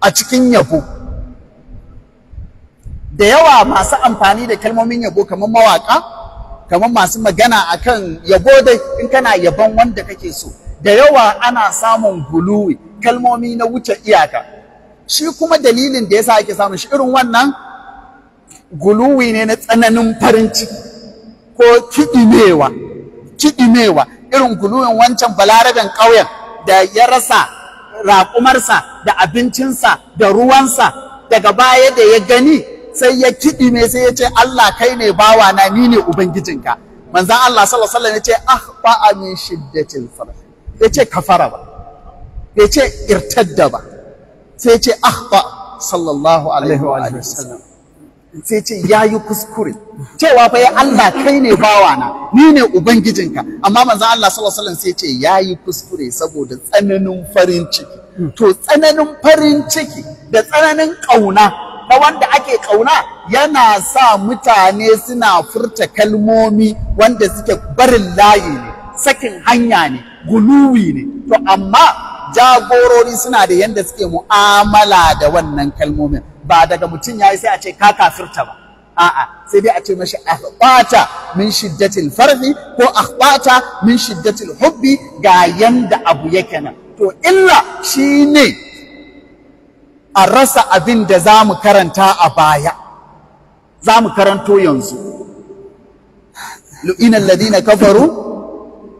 a cikin yabo da yawa masu amfani da kalmomin yabo kamar mawaka kamar masu magana akan yabo dai in kana yabon wanda kake so da yawa ana samun guluwi kalmomi na wuce iyaka shi kuma dalilin da ya sa ake samun shi irin wannan guluwi ne na tsananin farin ciki ko kiɗimewa kiɗimewa irin guluwin wancan balaraben ƙauyen da ya rasa raƙumarsa da abincinsa da ruwansa daga baya da ya gani sai ya kiɗime sai ya ce Allah kai ne bawa na ni ne ubangijinka manzan Allah sallallahu alaihi ya ce ahfa min shiddatil farh ya ce kafara ba ya ce irtadda ba sai ce Ahba sallallahu alaihi wa sallam sai ce ya yi kuskure cewa fa ya Allah kai ne bawa na? ni ne ubangijinka amma manzon Allah sallallahu alaihi wasallam sai ce ya yi kuskure saboda tsananin farin ciki to tsananin farin ciki da tsananin kauna na wanda ake kauna yana sa mutane suna furta kalmomi wanda suke barin layi ne sakin hanya ne guluwi ne to amma jagorori suna da yanda suke mu'amala da wannan kalmomin ba daga mutum ya yi sai a ce ka kafirta ba a'a sai dai a ce mashi akhbata min shiddatil farfi, ko akhbata min shiddatil hubbi ga yanda abu yake nan to illa shine a rasa abin da za mu karanta a baya za mu karanto yanzu lu'ina alladhina kafaru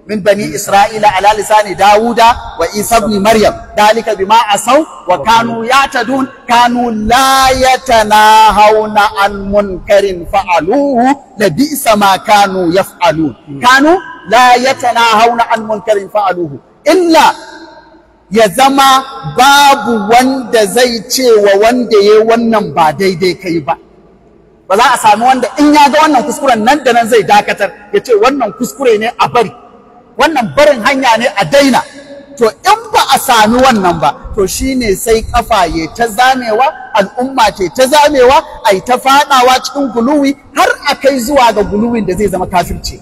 min bani isra'ila ala lisani dawuda wa isa ibn maryam dalika bima asaw wa kanu yatadun kanu la yatanahawna an munkarin fa'aluhu la bi'sa ma kanu yaf'alun kanu la yatanahawna an munkarin fa'aluhu illa ya zama babu wanda zai ce wa wanda ya wannan ba daidai kai ba ba za a sami wanda in ya ga wannan kuskuren nan da nan zai dakatar ya ce wannan kuskure ne a bari wannan barin hanya ne a daina to in ba a sami wannan ba to shine sai kafa ya ta zamewa al'umma ce ta zamewa a yi ta fadawa cikin guluwi har a kai zuwa ga guluwin da zai zama kafirce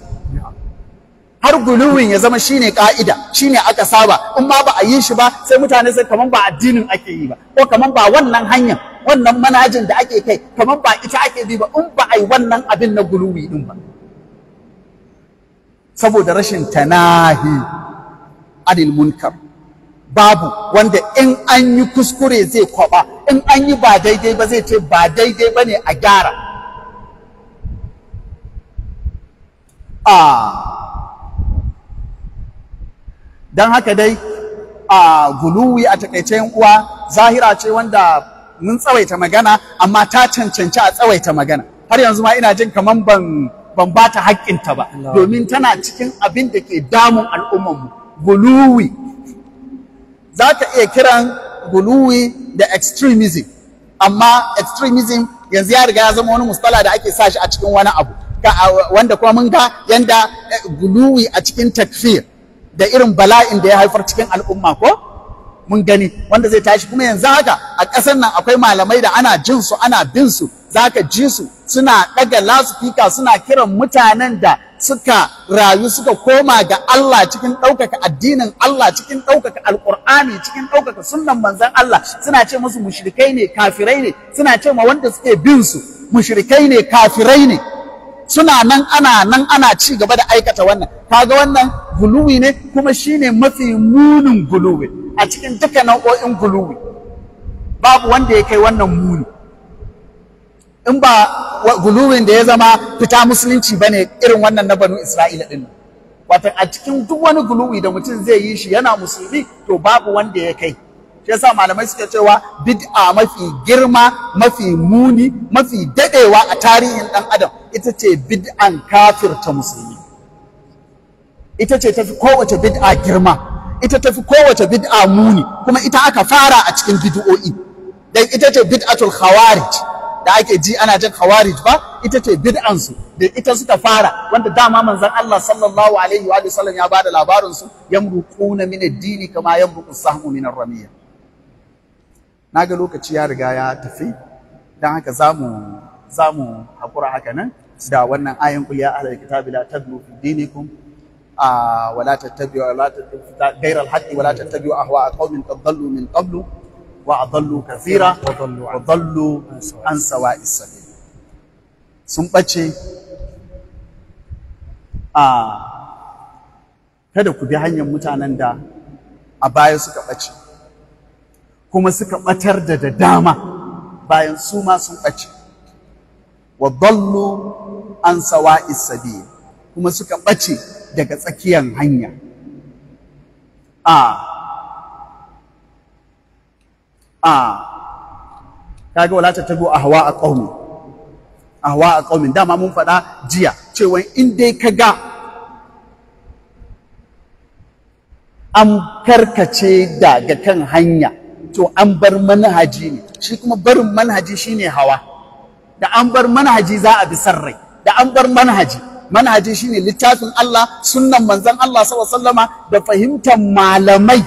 har guluwin ya zama shine ka'ida shine aka saba in ma ba a yi shi ba sai mutane sai kaman ba addinin ake yi ba ko kaman ba wannan hanyar wannan manhajin da ake kai kamar ba ita ake bi ba in ba a yi wannan abin na guluwi din ba saboda rashin tanahi anil munkar babu wanda in an yi kuskure zai kwaba in an yi ba daidai ba zai ce ba daidai ba ne a gyara don haka dai a guluwi a takaice uwa zahira ce wanda mun tsawaita magana amma ta cancanci a tsawaita magana har yanzu ma ina jin kamar ban ban ba ta haƙƙinta ba domin tana cikin abin da ke damun mu. guluwi za ka iya kiran guluwi da extremism amma extremism yanzu ya riga ya zama wani mustala da ake sa shi a cikin wani abu wanda kuma mun ga yanda eh, guluwi a cikin takfir da irin bala'in da ya haifar cikin al'umma ko mun gani wanda zai tashi kuma yanzu haka a ƙasar nan akwai malamai da ana jin su ana bin su zaka ji su suna ɗaga lasifika, suna kiran mutanen da suka rayu suka koma ga Allah cikin ɗaukaka addinin Allah cikin ɗaukaka alƙur'ani cikin ɗaukaka sunnan manzon Allah suna ce musu mushrikai ne kafirai ne suna ce ma wanda suke bin su mushrikai ne kafirai ne suna nan ana nan ana ci gaba da aikata wannan kaga wannan guluwi ne kuma shine mafi munin guluwi a cikin duka nau'o'in gulubi, babu wanda ya kai wannan muni in ba gulubin da ya zama fita musulunci bane irin wannan na banu isra'ila din wato a cikin duk wani gulubi da mutum zai yi shi yana musulmi to babu wanda ya kai shi yasa malamai suke cewa bid'a mafi girma mafi muni mafi dadewa a tarihin dan adam ita ce bid'an kafirta musulmi ita ce tafi kowace bid'a girma ita tafi kowace bid'a muni kuma ita aka fara a cikin bid'o'i dan ita ce bid'atul khawarij da ake ji ana jin khawarij ba ita ce bid'an su da ita suka fara wanda dama manzon Allah sallallahu alaihi wa sallam ya bada labarin su yamruquna min ad-dini kama yamruqu sahmu min ar ramiya naga lokaci ya riga ya tafi dan haka zamu zamu hakura haka nan da wannan ayan kulya ya ahlal kitabi la taglu fi dinikum ولا تتبعوا ولا غير الحق ولا تتبعوا اهواء قوم قد ضلوا من قبل واضلوا كثيرا وضلوا عن سواء السبيل sun ɓace a kada ku bi hanyar mutanen da a baya suka ɓace kuma suka ɓatar da da dama bayan su ma sun ɓace wa dallu an sawa kuma suka ɓace daga tsakiyar hanya a a kaga wala tattabu ahwa a qaumi ahwa a ƙaunin dama mun faɗa jiya cewa in dai ka ga an karkace daga kan hanya to an bar manhaji ne shi kuma barin manhaji shine hawa da an bar manhaji za a bi sarrai da an bar manhaji manhaji shine littafin Allah sunnan manzon Allah sallallahu da fahimtar malamai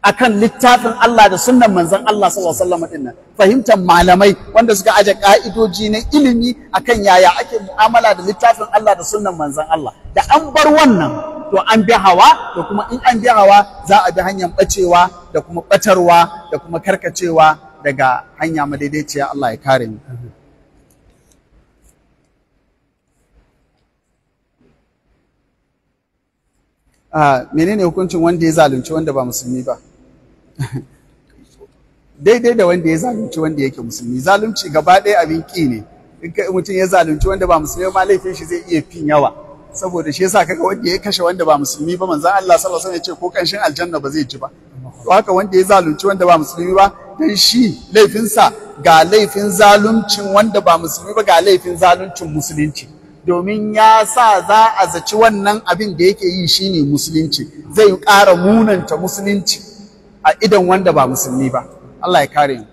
akan littafin Allah da sunnan manzon Allah sallallahu alaihi fahimtar malamai wanda suka aje ka'idoji na ilimi akan yaya ake mu'amala da littafin Allah da sunnan manzon Allah da an bar wannan to an bi hawa da kuma in an bi hawa za a bi hanyar bacewa da kuma batarwa da kuma karkacewa daga hanya madaidaiciya Allah ya kare mu Ah, menene hukuncin wanda ya zalunci wanda ba musulmi ba daidai da wanda ya zalunci wanda yake musulmi zalunci gaba ɗaya abin ƙi ne in mutum ya zalunci wanda ba musulmi ba laifin shi zai iya fin yawa saboda shi yasa kaga wanda ya kashe wanda ba musulmi ba manzon Allah sallallahu alaihi wasallam ya ce ko kanshin aljanna ba zai ci ba to haka wanda ya zalunci wanda ba musulmi ba dan shi laifinsa ga laifin zaluncin wanda ba musulmi ba ga laifin zaluncin musulunci domin ya sa za a zaci wannan abin da yake yi shine musulunci zai ƙara munanta musulunci a idan wanda ba musulmi ba Allah ya kare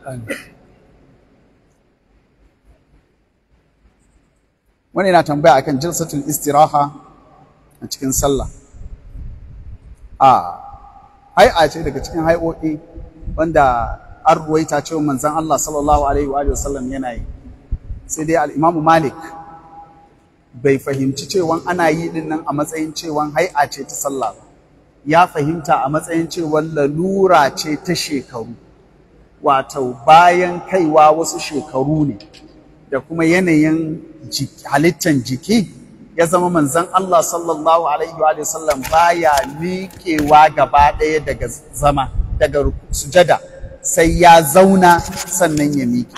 wani yana tambaya akan jalsatul istiraha a cikin sallah a hai'a ce daga cikin hai'o'i wanda an ruwaita cewa manzon Allah sallallahu alaihi wa sallam yana yi sai dai al-Imam Malik bai fahimci cewan ana yi din nan a matsayin cewan hai'a ce ta sallah ba ya fahimta a matsayin cewan lalura ce ta shekaru wato bayan kaiwa wasu shekaru ne da kuma yanayin halittar jiki ya zama manzan Allah sallallahu alaihi wa sallam baya miƙewa gaba ɗaya daga zama daga sujada sai ya zauna sannan ya miƙe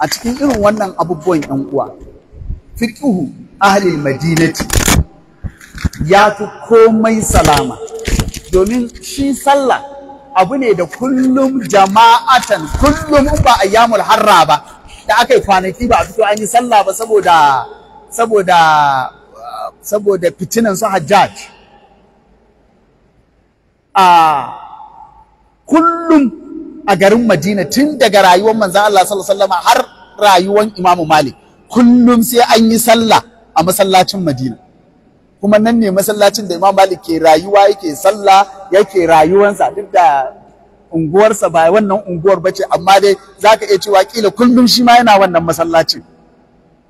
a cikin irin wannan abubuwan 'yan uwa fiqhu ahli madinati ya fi komai salama domin shi sallah abu ne da kullum jama'atan kullum ba ayyamul harra ba da aka yi kwanaki ba a fito an yi sallah ba saboda saboda saboda fitinan su hajjaj a kullum a garin madina tun daga rayuwar manzan Allah sallallahu alaihi har rayuwar imamu malik kullum sai an yi sallah a masallacin Madina kuma nan ne masallacin da Imam Malik ke rayuwa yake sallah yake rayuwansa duk da unguwarsa ba wannan unguwar bace amma dai zaka iya cewa kila kullum shi ma yana wannan masallacin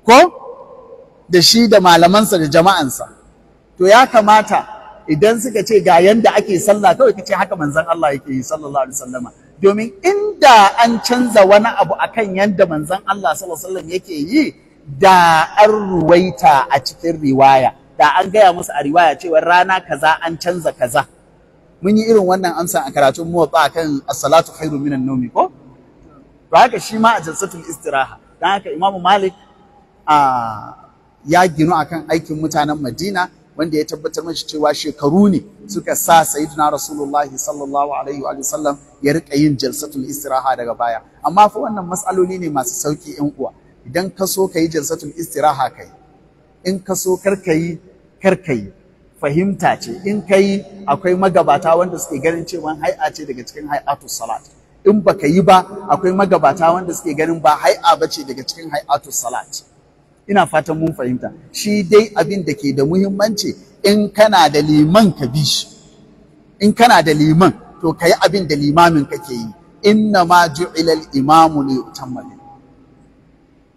ko da shi da malamansa da jama'ansa to ya kamata idan suka ce ga yanda ake sallah kawai kace haka manzon Allah yake yi sallallahu alaihi wasallama domin inda an canza wani abu akan yanda manzon Allah sallallahu alaihi wasallam yake yi da an ruwaita a cikin riwaya da an gaya musu a riwaya cewa rana kaza an canza kaza mun yi irin wannan amsa a karatun a kan as-salatu khairu minan nawmi ko to haka shi ma a jalsatul istiraha dan haka imamu malik a ya ginu akan aikin mutanen madina wanda ya tabbatar mashi cewa shekaru ne suka sa sayyidina rasulullahi sallallahu alaihi wa sallam ya rika yin jalsatul istiraha daga baya amma fa wannan matsaloli ne masu sauki yan uwa idan ka so ka yi istira istiraha kai in ka so karkayi yi fahimta ce in ka yi akwai magabata wanda suke ganin cewa hai'a ce daga cikin hai'atu salat in baka yi ba akwai magabata wanda suke ganin ba hai'a ba ce daga cikin hai'atu salat ina fatan mun fahimta shi dai abin da ke da muhimmanci in kana da liman ka bi shi in kana da liman to ka yi abin da limamin kake yi inna ma ju'ilal imamu li yutamma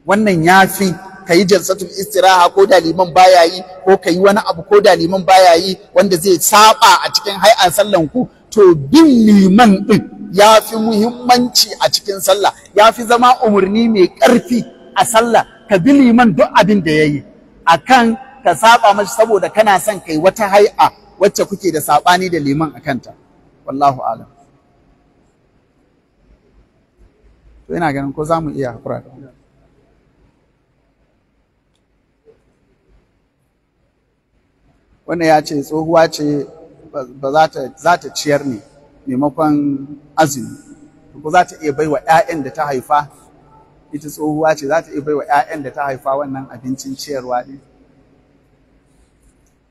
wannan ya fi ka yi jalsatul istiraha ko da liman baya yi ko ka yi wani abu ko da liman baya yi wanda zai saba a cikin hai'an sallan ku to bin liman ɗin ya fi muhimmanci a cikin sallah ya fi zama umarni mai ƙarfi a sallah ka bi liman duk abin da ya yi a kan ka saba mashi saboda kana son ka yi wata hai'a wacce kuke da saɓani da liman a kanta wallahu alam to ina ganin ko za mu iya haƙura wanda ya ce tsohuwa ce ba za ta ciyar ne maimakon azumi ko za ta iya baiwa 'ya'yan da ta haifa ita tsohuwa ce za ta iya baiwa 'ya'yan da ta haifa wannan abincin ciyarwa ne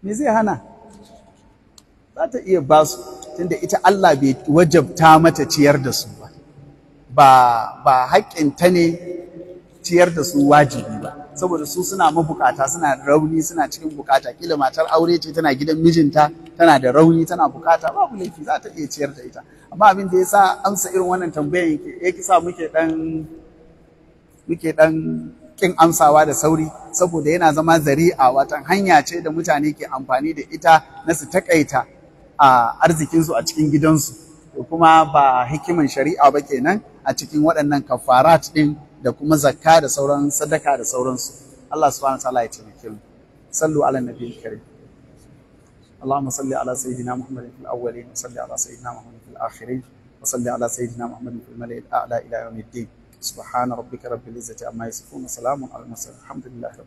me zai hana za ta iya ba su tunda ita Allah bai wajabta mata ciyar da su ba ba haƙƙinta ne ciyar da su wajibi ba saboda su suna mabukata suna rauni suna cikin bukata kila matar aure ce tana gidan mijinta tana da rauni tana bukata babu laifi za ta iya ciyar da ita amma abin da yasa amsa irin wannan tambayar yake yake sa muke dan muke dan kin amsawa da sauri saboda yana zama zari'a watan hanya ce da mutane ke amfani da ita na su takaita a arzikinsu a cikin gidansu kuma ba hikimin shari'a ba kenan a cikin waɗannan kafarat ɗin da kuma zakka da sauran sadaka da sauransu Allah subhanahu ya taimake mu sallu ala rabbika rabbil izzati amma yasifun wa salamun ala al mursalin